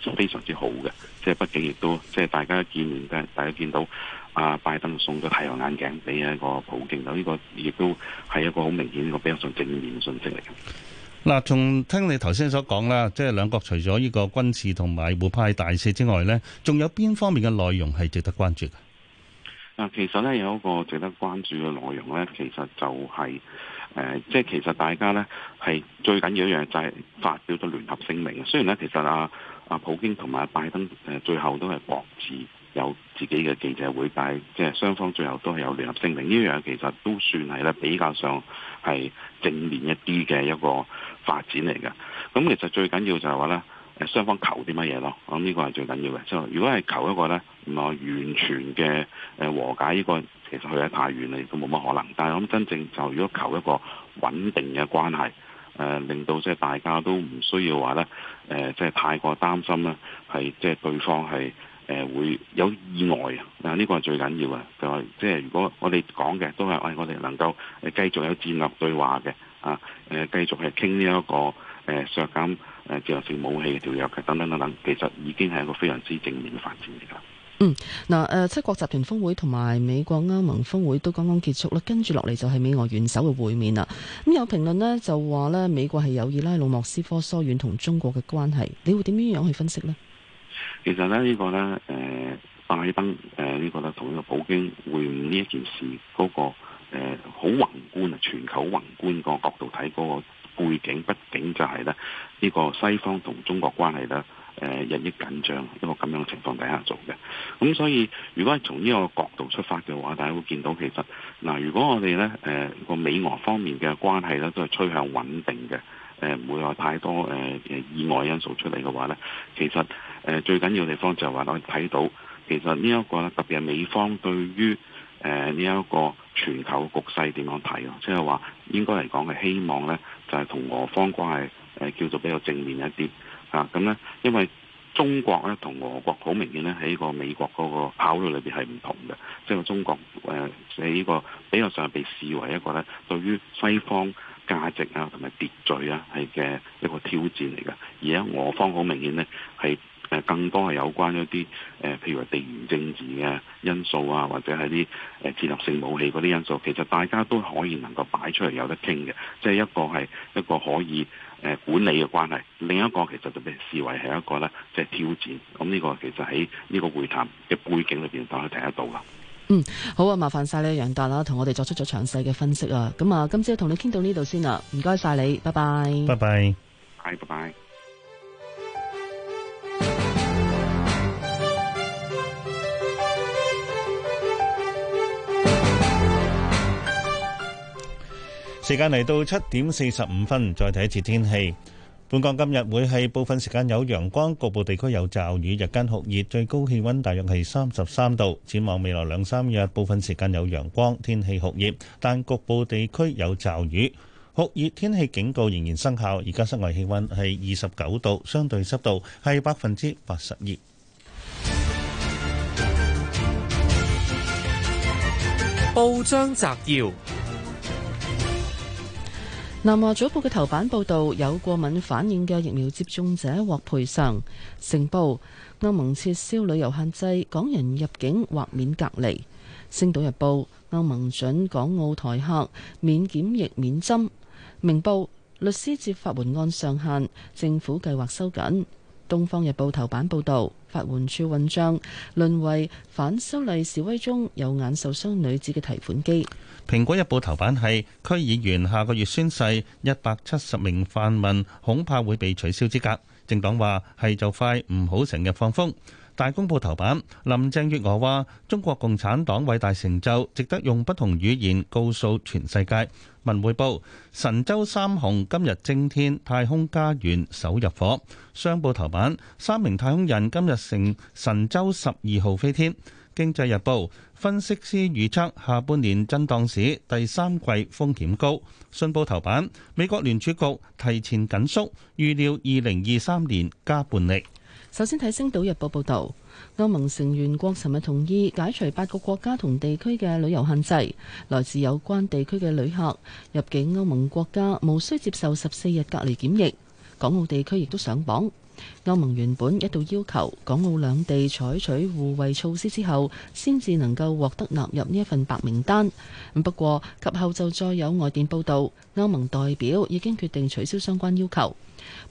呃、非常之好嘅，即係畢竟亦都即係大家見面嘅，大家見到阿、啊、拜登送咗太陽眼鏡俾一個普京，就、這、呢個亦都係一個好明顯個比較上正面信息嚟嘅。嗱，從聽你頭先所講啦，即係兩國除咗呢個軍事同埋互派大使之外咧，仲有邊方面嘅內容係值得關注嘅？嗱，其實咧有一個值得關注嘅內容咧，其實就係誒，即係其實大家咧係最緊要一樣就係發表咗聯合聲明。雖然咧其實阿阿普京同埋拜登誒最後都係各自有自己嘅記者會，但係即係雙方最後都係有聯合聲明。呢樣，其實都算係咧比較上係正面一啲嘅一個。發展嚟嘅，咁其實最緊要就係話呢，誒雙方求啲乜嘢咯，咁呢個係最緊要嘅。即係如果係求一個呢唔係完全嘅誒和解、這個，呢個其實去得太遠嚟，都冇乜可能。但係我諗真正就如果求一個穩定嘅關係，誒、呃、令到即係大家都唔需要話呢，誒即係太過擔心啦，係即係對方係誒、呃、會有意外啊。但呢個係最緊要嘅，就係即係如果我哋講嘅都係、哎、我哋能夠誒繼續有戰略對話嘅。啊，誒繼續係傾呢一個削減誒自由式武器嘅條約等等等等，其實已經係一個非常之正面嘅發展嚟噶。嗯，嗱誒、呃、七國集團峰會同埋美國歐盟峰會都剛剛結束啦，跟住落嚟就係美俄元首嘅會面啦。咁有評論呢就話呢美國係有意拉攏莫斯科疏遠同中國嘅關係，你會點樣樣去分析呢？其實呢，呢、這個呢，誒、呃、拜登誒呢、呃這個呢，同呢個普京會面呢一件事嗰、那個。誒，好、呃、宏觀啊！全球宏觀個角度睇，嗰、這個背景，畢竟就係咧呢、這個西方同中國關係咧，誒、呃，日益緊張一個咁樣嘅情況底下做嘅。咁、嗯、所以，如果係從呢個角度出發嘅話，大家會見到其實嗱、呃，如果我哋咧，誒、呃，個美俄方面嘅關係咧，都係趨向穩定嘅，誒、呃，唔會有太多誒誒、呃、意外因素出嚟嘅話咧，其實誒、呃、最緊要地方就係話我哋睇到，其實呢、這、一個咧，特別係美方對於誒呢一個。全球局勢點樣睇啊？即係話應該嚟講係希望呢就係、是、同俄方關係誒叫做比較正面一啲啊。咁呢，因為中國呢同俄國好明顯呢喺個美國嗰個考慮裏邊係唔同嘅，即、就、係、是、中國誒喺呢個比較上被視為一個咧對於西方價值啊同埋秩序啊係嘅一個挑戰嚟嘅。而喺俄方好明顯呢係。更多係有關一啲誒、呃，譬如話地緣政治嘅因素啊，或者係啲誒，自立性武器嗰啲因素，其實大家都可以能夠擺出嚟有得傾嘅，即係一個係一個可以誒、呃、管理嘅關係，另一個其實就被視為係一個咧，即係挑戰。咁、嗯、呢、這個其實喺呢個會談嘅背景裏邊都可以睇得到噶。嗯，好啊，麻煩晒你楊達啦，同我哋作出咗詳細嘅分析啊。咁啊，今朝同你傾到呢度先啦，唔該晒你，拜拜。拜拜，係拜拜。時間嚟到七點四十五分，再睇一次天氣。本港今日會係部分時間有陽光，局部地區有驟雨，日間酷熱，最高氣温大約係三十三度。展望未來兩三日，部分時間有陽光，天氣酷熱，但局部地區有驟雨，酷熱天氣警告仍然生效。而家室外氣温係二十九度，相對濕度係百分之八十二。報章摘要。南華早報嘅頭版報道，有過敏反應嘅疫苗接種者獲賠償。成報，歐盟撤銷旅遊限制，港人入境或免隔離。星島日報，歐盟准港澳台客免檢疫免針。明報，律師接法援案上限，政府計劃收緊。《東方日報》頭版報道，法援處混賬淪為反修例示威中有眼受傷女子嘅提款機。《蘋果日報》頭版係區議員下個月宣誓，一百七十名泛民恐怕會被取消資格。政黨話係就快，唔好成日放風。大公報頭版，林鄭月娥話：中國共產黨偉大成就，值得用不同語言告訴全世界。文匯報，神舟三雄今日升天，太空家園首入伙。商報頭版，三名太空人今日乘神舟十二號飛天。經濟日報，分析師預測下半年震盪市，第三季風險高。信報頭版，美國聯儲局提前緊縮，預料二零二三年加半厘。首先睇《星島日報》報導，歐盟成員國尋日同意解除八個國家同地區嘅旅遊限制，來自有關地區嘅旅客入境歐盟國家無需接受十四日隔離檢疫，港澳地區亦都上榜。歐盟原本一度要求港澳兩地採取互惠措施之後，先至能夠獲得納入呢一份白名單。不過，及後就再有外電報道，歐盟代表已經決定取消相關要求。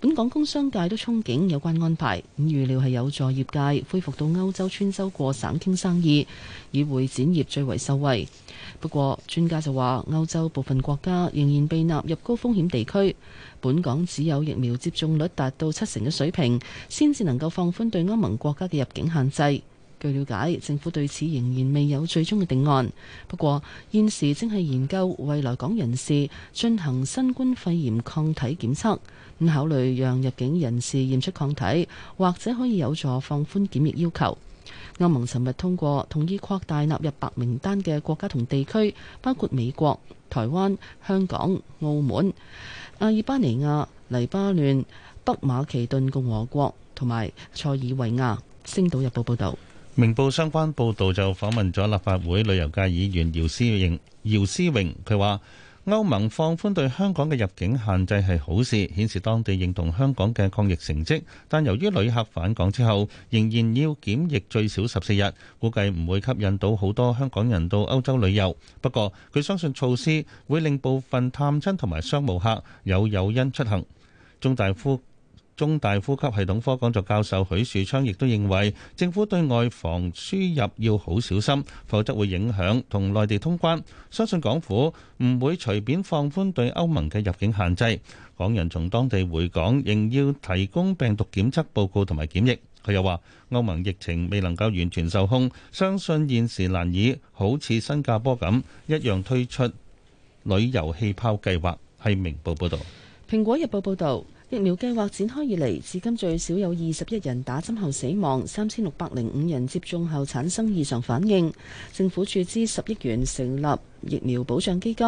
本港工商界都憧憬有關安排，預料係有助業界恢復到歐洲穿州過省傾生意，以會展業最為受惠。不過，專家就話，歐洲部分國家仍然被納入高風險地區。本港只有疫苗接種率達到七成嘅水平，先至能夠放寬對歐盟國家嘅入境限制。據了解，政府對此仍然未有最終嘅定案。不過，現時正係研究為來港人士進行新冠肺炎抗體檢測，咁考慮讓入境人士驗出抗體，或者可以有助放寬檢疫要求。歐盟尋日通過同意擴大納入白名單嘅國家同地區，包括美國、台灣、香港、澳門。阿爾巴尼亞、黎巴嫩、北馬其頓共和國同埋塞爾維亞，《星島日報》報道。明報相關報道就訪問咗立法會旅遊界議員姚思榮，姚思榮佢話。歐盟放寬對香港嘅入境限制係好事，顯示當地認同香港嘅抗疫成績。但由於旅客返港之後仍然要檢疫最少十四日，估計唔會吸引到好多香港人到歐洲旅遊。不過，佢相信措施會令部分探親同埋商務客有誘因出行。鍾大夫。中大呼吸系統科講座教授許樹昌亦都認為政府對外防輸入要好小心，否則會影響同內地通關，相信港府唔會隨便放寬對歐盟嘅入境限制。港人從當地回港仍要提供病毒檢測報告同埋檢疫。佢又話歐盟疫情未能夠完全受控，相信現時難以好似新加坡咁一,一樣推出旅遊氣泡計劃，係明報報道。蘋果日報報道。疫苗計劃展開以嚟，至今最少有二十一人打針後死亡，三千六百零五人接種後產生異常反應。政府注資十億元成立疫苗保障基金，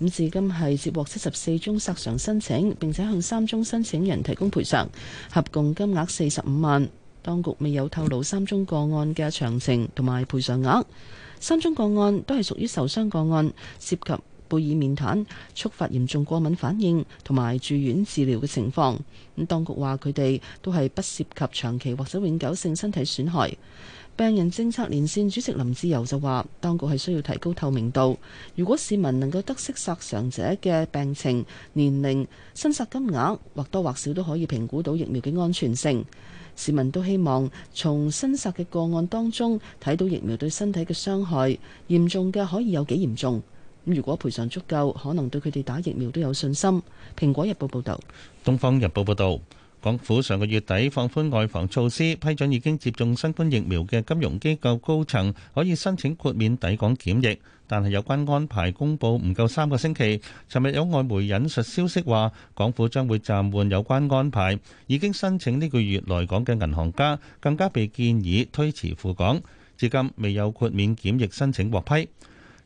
咁至今係接獲七十四宗索償申請，並且向三宗申請人提供賠償，合共金額四十五萬。當局未有透露三宗個案嘅詳情同埋賠償額。三宗個案都係屬於受傷個案，涉及故意面談，觸發嚴重過敏反應同埋住院治療嘅情況。咁當局話佢哋都係不涉及長期或者永久性身體損害。病人政策連線主席林志釉就話，當局係需要提高透明度。如果市民能夠得悉受償者嘅病情、年齡、申索金額，或多或少都可以評估到疫苗嘅安全性。市民都希望從申索嘅個案當中睇到疫苗對身體嘅傷害，嚴重嘅可以有幾嚴重。咁如果賠償足夠，可能對佢哋打疫苗都有信心。《蘋果日報》報導，《東方日報》報導，港府上個月底放寬外防措施，批准已經接種新冠疫苗嘅金融機構高層可以申請豁免抵港檢疫，但係有關安排公布唔夠三個星期。尋日有外媒引述消息話，港府將會暫緩有關安排。已經申請呢個月來港嘅銀行家，更加被建議推遲赴港，至今未有豁免檢疫申請獲批。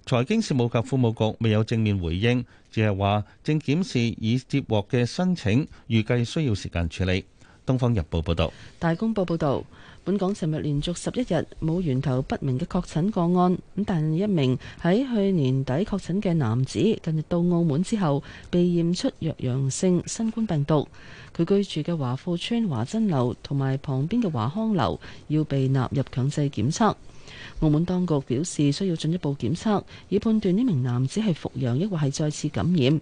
財經事務及庫務局未有正面回應，只係話正檢視已接獲嘅申請，預計需要時間處理。《東方日報》報道，《大公報》報道，本港尋日連續十一日冇源頭不明嘅確診個案，咁但一名喺去年底確診嘅男子，近日到澳門之後被驗出弱陽性新冠病毒，佢居住嘅華富邨華珍樓同埋旁邊嘅華康樓要被納入強制檢測。澳門當局表示需要進一步檢測，以判斷呢名男子係復陽，抑或係再次感染。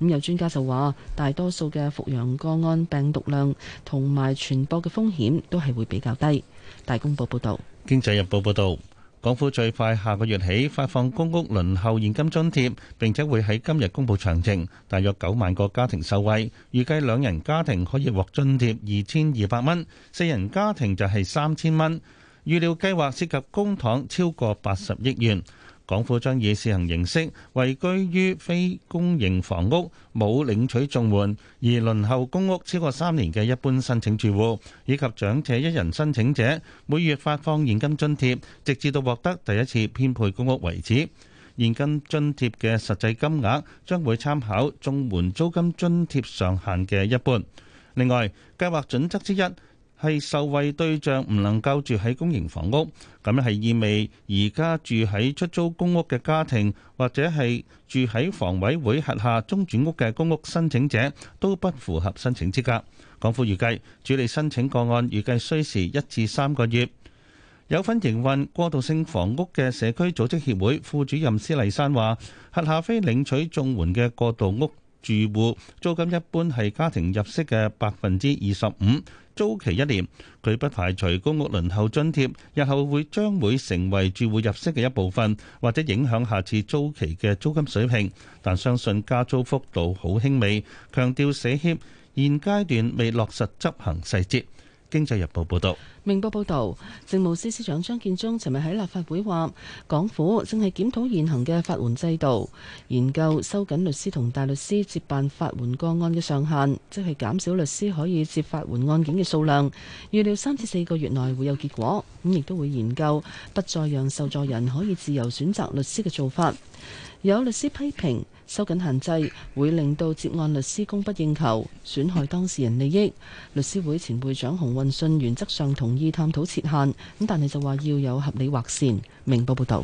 咁有專家就話，大多數嘅復陽個案病毒量同埋傳播嘅風險都係會比較低。大公報報道，經濟日報報道，港府最快下個月起發放公屋輪候現金津貼，並且會喺今日公布詳情，大約九萬個家庭受惠，預計兩人家庭可以獲津貼二千二百蚊，四人家庭就係三千蚊。預料計劃涉及公帑超過八十億元，港府將以試行形式位居於非公營房屋冇領取綜援而輪候公屋超過三年嘅一般申請住戶，以及長者一人申請者，每月發放現金津貼，直至到獲得第一次編配公屋為止。現金津貼嘅實際金額將會參考綜援租金津貼上限嘅一半。另外，計劃準則之一。係受惠對象唔能夠住喺公營房屋，咁樣係意味而家住喺出租公屋嘅家庭，或者係住喺房委會轄下中轉屋嘅公屋申請者，都不符合申請資格。港府預計處理申請個案預計需時一至三個月。有份營運過渡性房屋嘅社區組織協會副主任施麗珊話：轄下非領取綜援嘅過渡屋。住戶租金一般係家庭入息嘅百分之二十五，租期一年。佢不排除公屋輪候津貼，日後會將會成為住戶入息嘅一部分，或者影響下次租期嘅租金水平。但相信加租幅度好輕微。強調社協現階段未落實執行細節。經濟日報報道，明報報道，政務司司長張建宗尋日喺立法會話，港府正係檢討現行嘅法援制度，研究收緊律師同大律師接辦法援個案嘅上限，即係減少律師可以接法援案件嘅數量。預料三至四個月內會有結果，咁亦都會研究不再讓受助人可以自由選擇律師嘅做法。有律師批評收緊限制會令到接案律師供不應求，損害當事人利益。律師會前會長洪運信原則上同意探討設限，咁但係就話要有合理劃線。明報報道。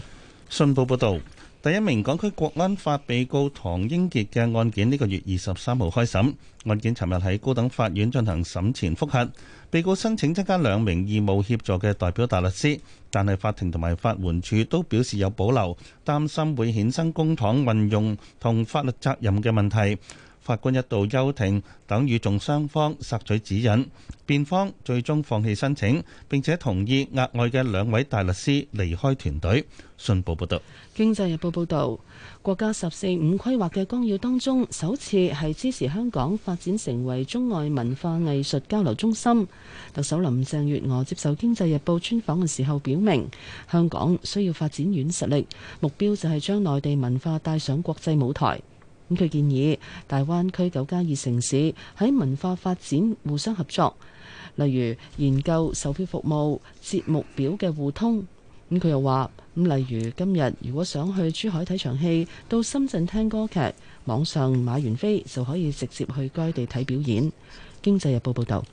信報報道，第一名港區國安法被告唐英傑嘅案件呢個月二十三號開審，案件尋日喺高等法院進行審前覆核。被告申請增加兩名義務協助嘅代表大律師，但係法庭同埋法援處都表示有保留，擔心會衍生公帑運用同法律責任嘅問題。法官一度休庭，等與眾雙方索取指引。辯方最終放棄申請，並且同意額外嘅兩位大律師離開團隊。信報報道，《經濟日報》報道，國家十四五規劃嘅綱要當中，首次係支持香港發展成為中外文化藝術交流中心。特首林鄭月娥接受《經濟日報》專訪嘅時候，表明香港需要發展軟實力，目標就係將內地文化帶上國際舞台。咁佢建議大灣區九加二城市喺文化發展互相合作，例如研究售票服務、節目表嘅互通。咁佢又話，咁例如今日如果想去珠海睇場戲，到深圳聽歌劇，網上買完飛就可以直接去該地睇表演。經濟日報報導，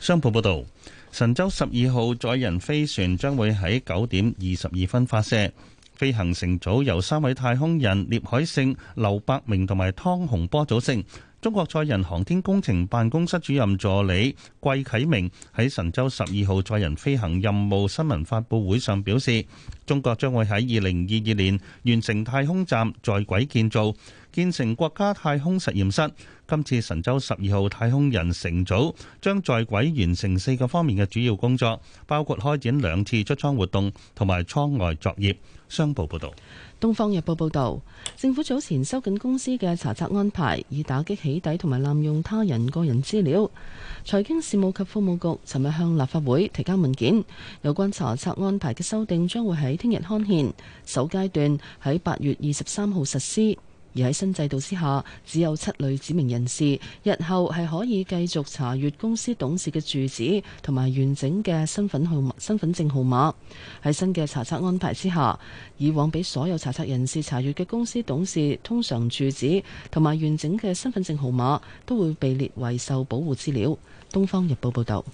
商報報導，神舟十二號載人飛船將會喺九點二十二分發射。飛行乘組由三位太空人聶海勝、劉伯明同埋湯洪波組成。中國載人航天工程辦公室主任助理季啟明喺神舟十二號載人飛行任務新聞發佈會上表示，中國將會喺二零二二年完成太空站在軌建造，建成國家太空實驗室。今次神舟十二號太空人乘組將在軌完成四個方面嘅主要工作，包括開展兩次出艙活動同埋艙外作業。商報報導，《東方日報》報導，政府早前收緊公司嘅查冊安排，以打擊起底同埋濫用他人個人資料。財經事務及服務局尋日向立法會提交文件，有關查冊安排嘅修訂將會喺聽日刊憲，首階段喺八月二十三號實施。而喺新制度之下，只有七類指明人士，日後係可以繼續查閱公司董事嘅住址同埋完整嘅身份號碼、身份證號碼。喺新嘅查冊安排之下，以往俾所有查冊人士查閱嘅公司董事通常住址同埋完整嘅身份證號碼都會被列為受保護資料。《東方日報》報道。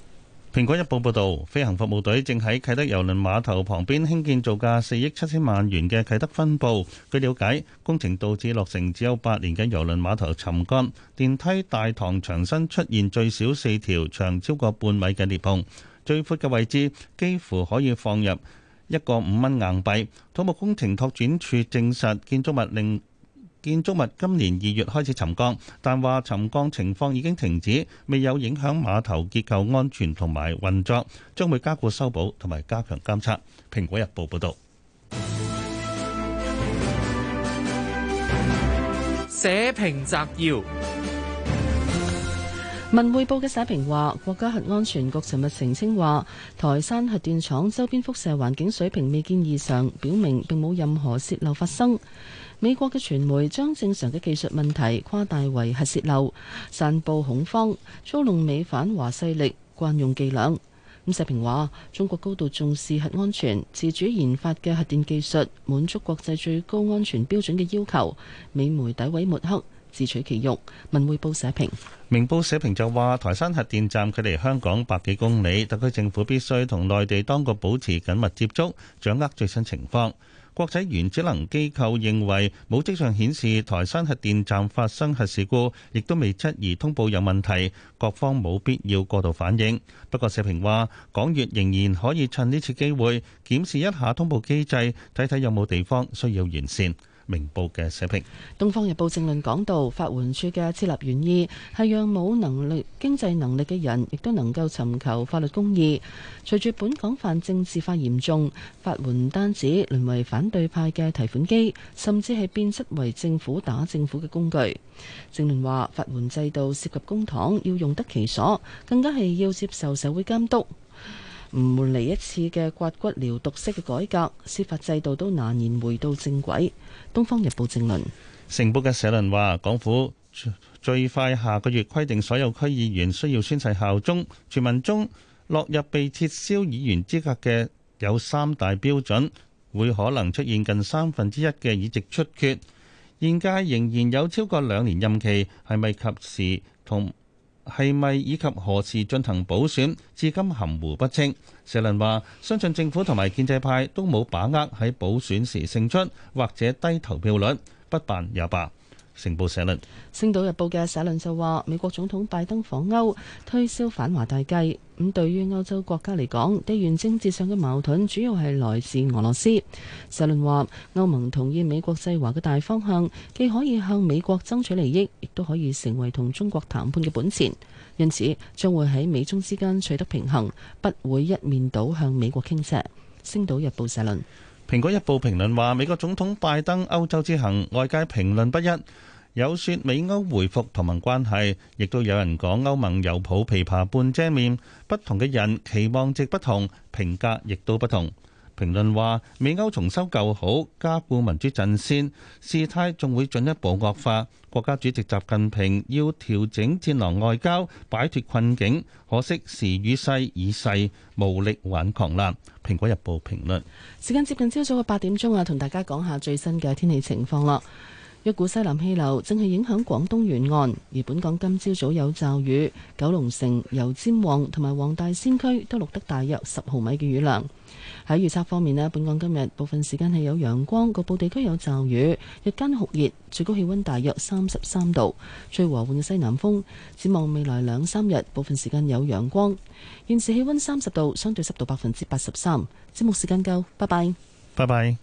《蘋果日報》報導，飛行服務隊正喺啟德郵輪碼頭旁邊興建造價四億七千萬元嘅啟德分部。據了解，工程導致落成只有八年嘅郵輪碼頭沉降，電梯大堂牆身出現最少四條長超過半米嘅裂縫，最闊嘅位置幾乎可以放入一個五蚊硬幣。土木工程拓展處證實，建築物令建築物今年二月開始沉降，但話沉降情況已經停止，未有影響碼頭結構安全同埋運作，將會加固修補同埋加強監測。蘋果日報報道。社評摘要：文匯報嘅社評話，國家核安全局尋日澄清話，台山核電廠周邊輻射環境水平未見異常，表明並冇任何洩漏發生。美國嘅傳媒將正常嘅技術問題誇大為核泄漏、散佈恐慌、操弄美反華勢力慣用伎倆。咁石平話：中國高度重視核安全，自主研發嘅核電技術滿足國際最高安全標準嘅要求。美媒詆毀抹黑。自取其辱。文匯報社評，明報社評就話：台山核電站距離香港百幾公里，特區政府必須同內地當局保持緊密接觸，掌握最新情況。國際原子能機構認為，冇迹象顯示台山核電站發生核事故，亦都未質疑通報有問題，各方冇必要過度反應。不過，社評話，港粵仍然可以趁呢次機會檢視一下通報機制，睇睇有冇地方需要完善。明報嘅社評，《東方日報政論》講到，法援處嘅設立原意係讓冇能力、經濟能力嘅人，亦都能夠尋求法律公義。隨住本港泛政治化嚴重，法援唔單止淪為反對派嘅提款機，甚至係變質為政府打政府嘅工具。政論話，法援制度涉及公帑，要用得其所，更加係要接受社會監督。唔換嚟一次嘅刮骨療毒式嘅改革，司法制度都難言回到正軌。《東方日報》正論，成報嘅社論話，港府最快下個月規定所有區議員需要宣誓效忠，傳聞中落入被撤銷議員資格嘅有三大標準，會可能出現近三分之一嘅議席出缺。現屆仍然有超過兩年任期，係咪及時同係咪以及何時進行補選，至今含糊不清。社論話：相信政府同埋建制派都冇把握喺補選時勝出，或者低投票率，不辦也罷。《星島日報》嘅社論就話：美國總統拜登訪歐，推銷反華大計。咁對於歐洲國家嚟講，地緣政治上嘅矛盾主要係來自俄羅斯。社論話：歐盟同意美國制華嘅大方向，既可以向美國爭取利益，亦都可以成為同中國談判嘅本錢。因此，將會喺美中之間取得平衡，不會一面倒向美國傾斜。《星島日報》社論。《蘋果一報》一部評論話：美國總統拜登歐洲之行，外界評論不一，有說美歐回復同盟關係，亦都有人講歐盟猶抱琵琶半遮面。不同嘅人期望值不同，評價亦都不同。評論話美歐重修舊好，加固民主陣線，事態仲會進一步惡化。國家主席習近平要調整戰狼外交，擺脱困境，可惜時與勢已逝，無力挽狂瀾。蘋果日報評論時間接近朝早嘅八點鐘啊，同大家講下最新嘅天氣情況啦。一股西南氣流正係影響廣東沿岸，而本港今朝早早有驟雨，九龍城、油尖旺同埋黃大仙區都錄得大約十毫米嘅雨量。喺預測方面咧，本港今日部分時間係有陽光，局部地區有驟雨，日間酷熱，最高氣溫大約三十三度，最和緩嘅西南風。展望未來兩三日，部分時間有陽光。現時氣溫三十度，相對濕度百分之八十三。節目時間夠，拜拜，拜拜。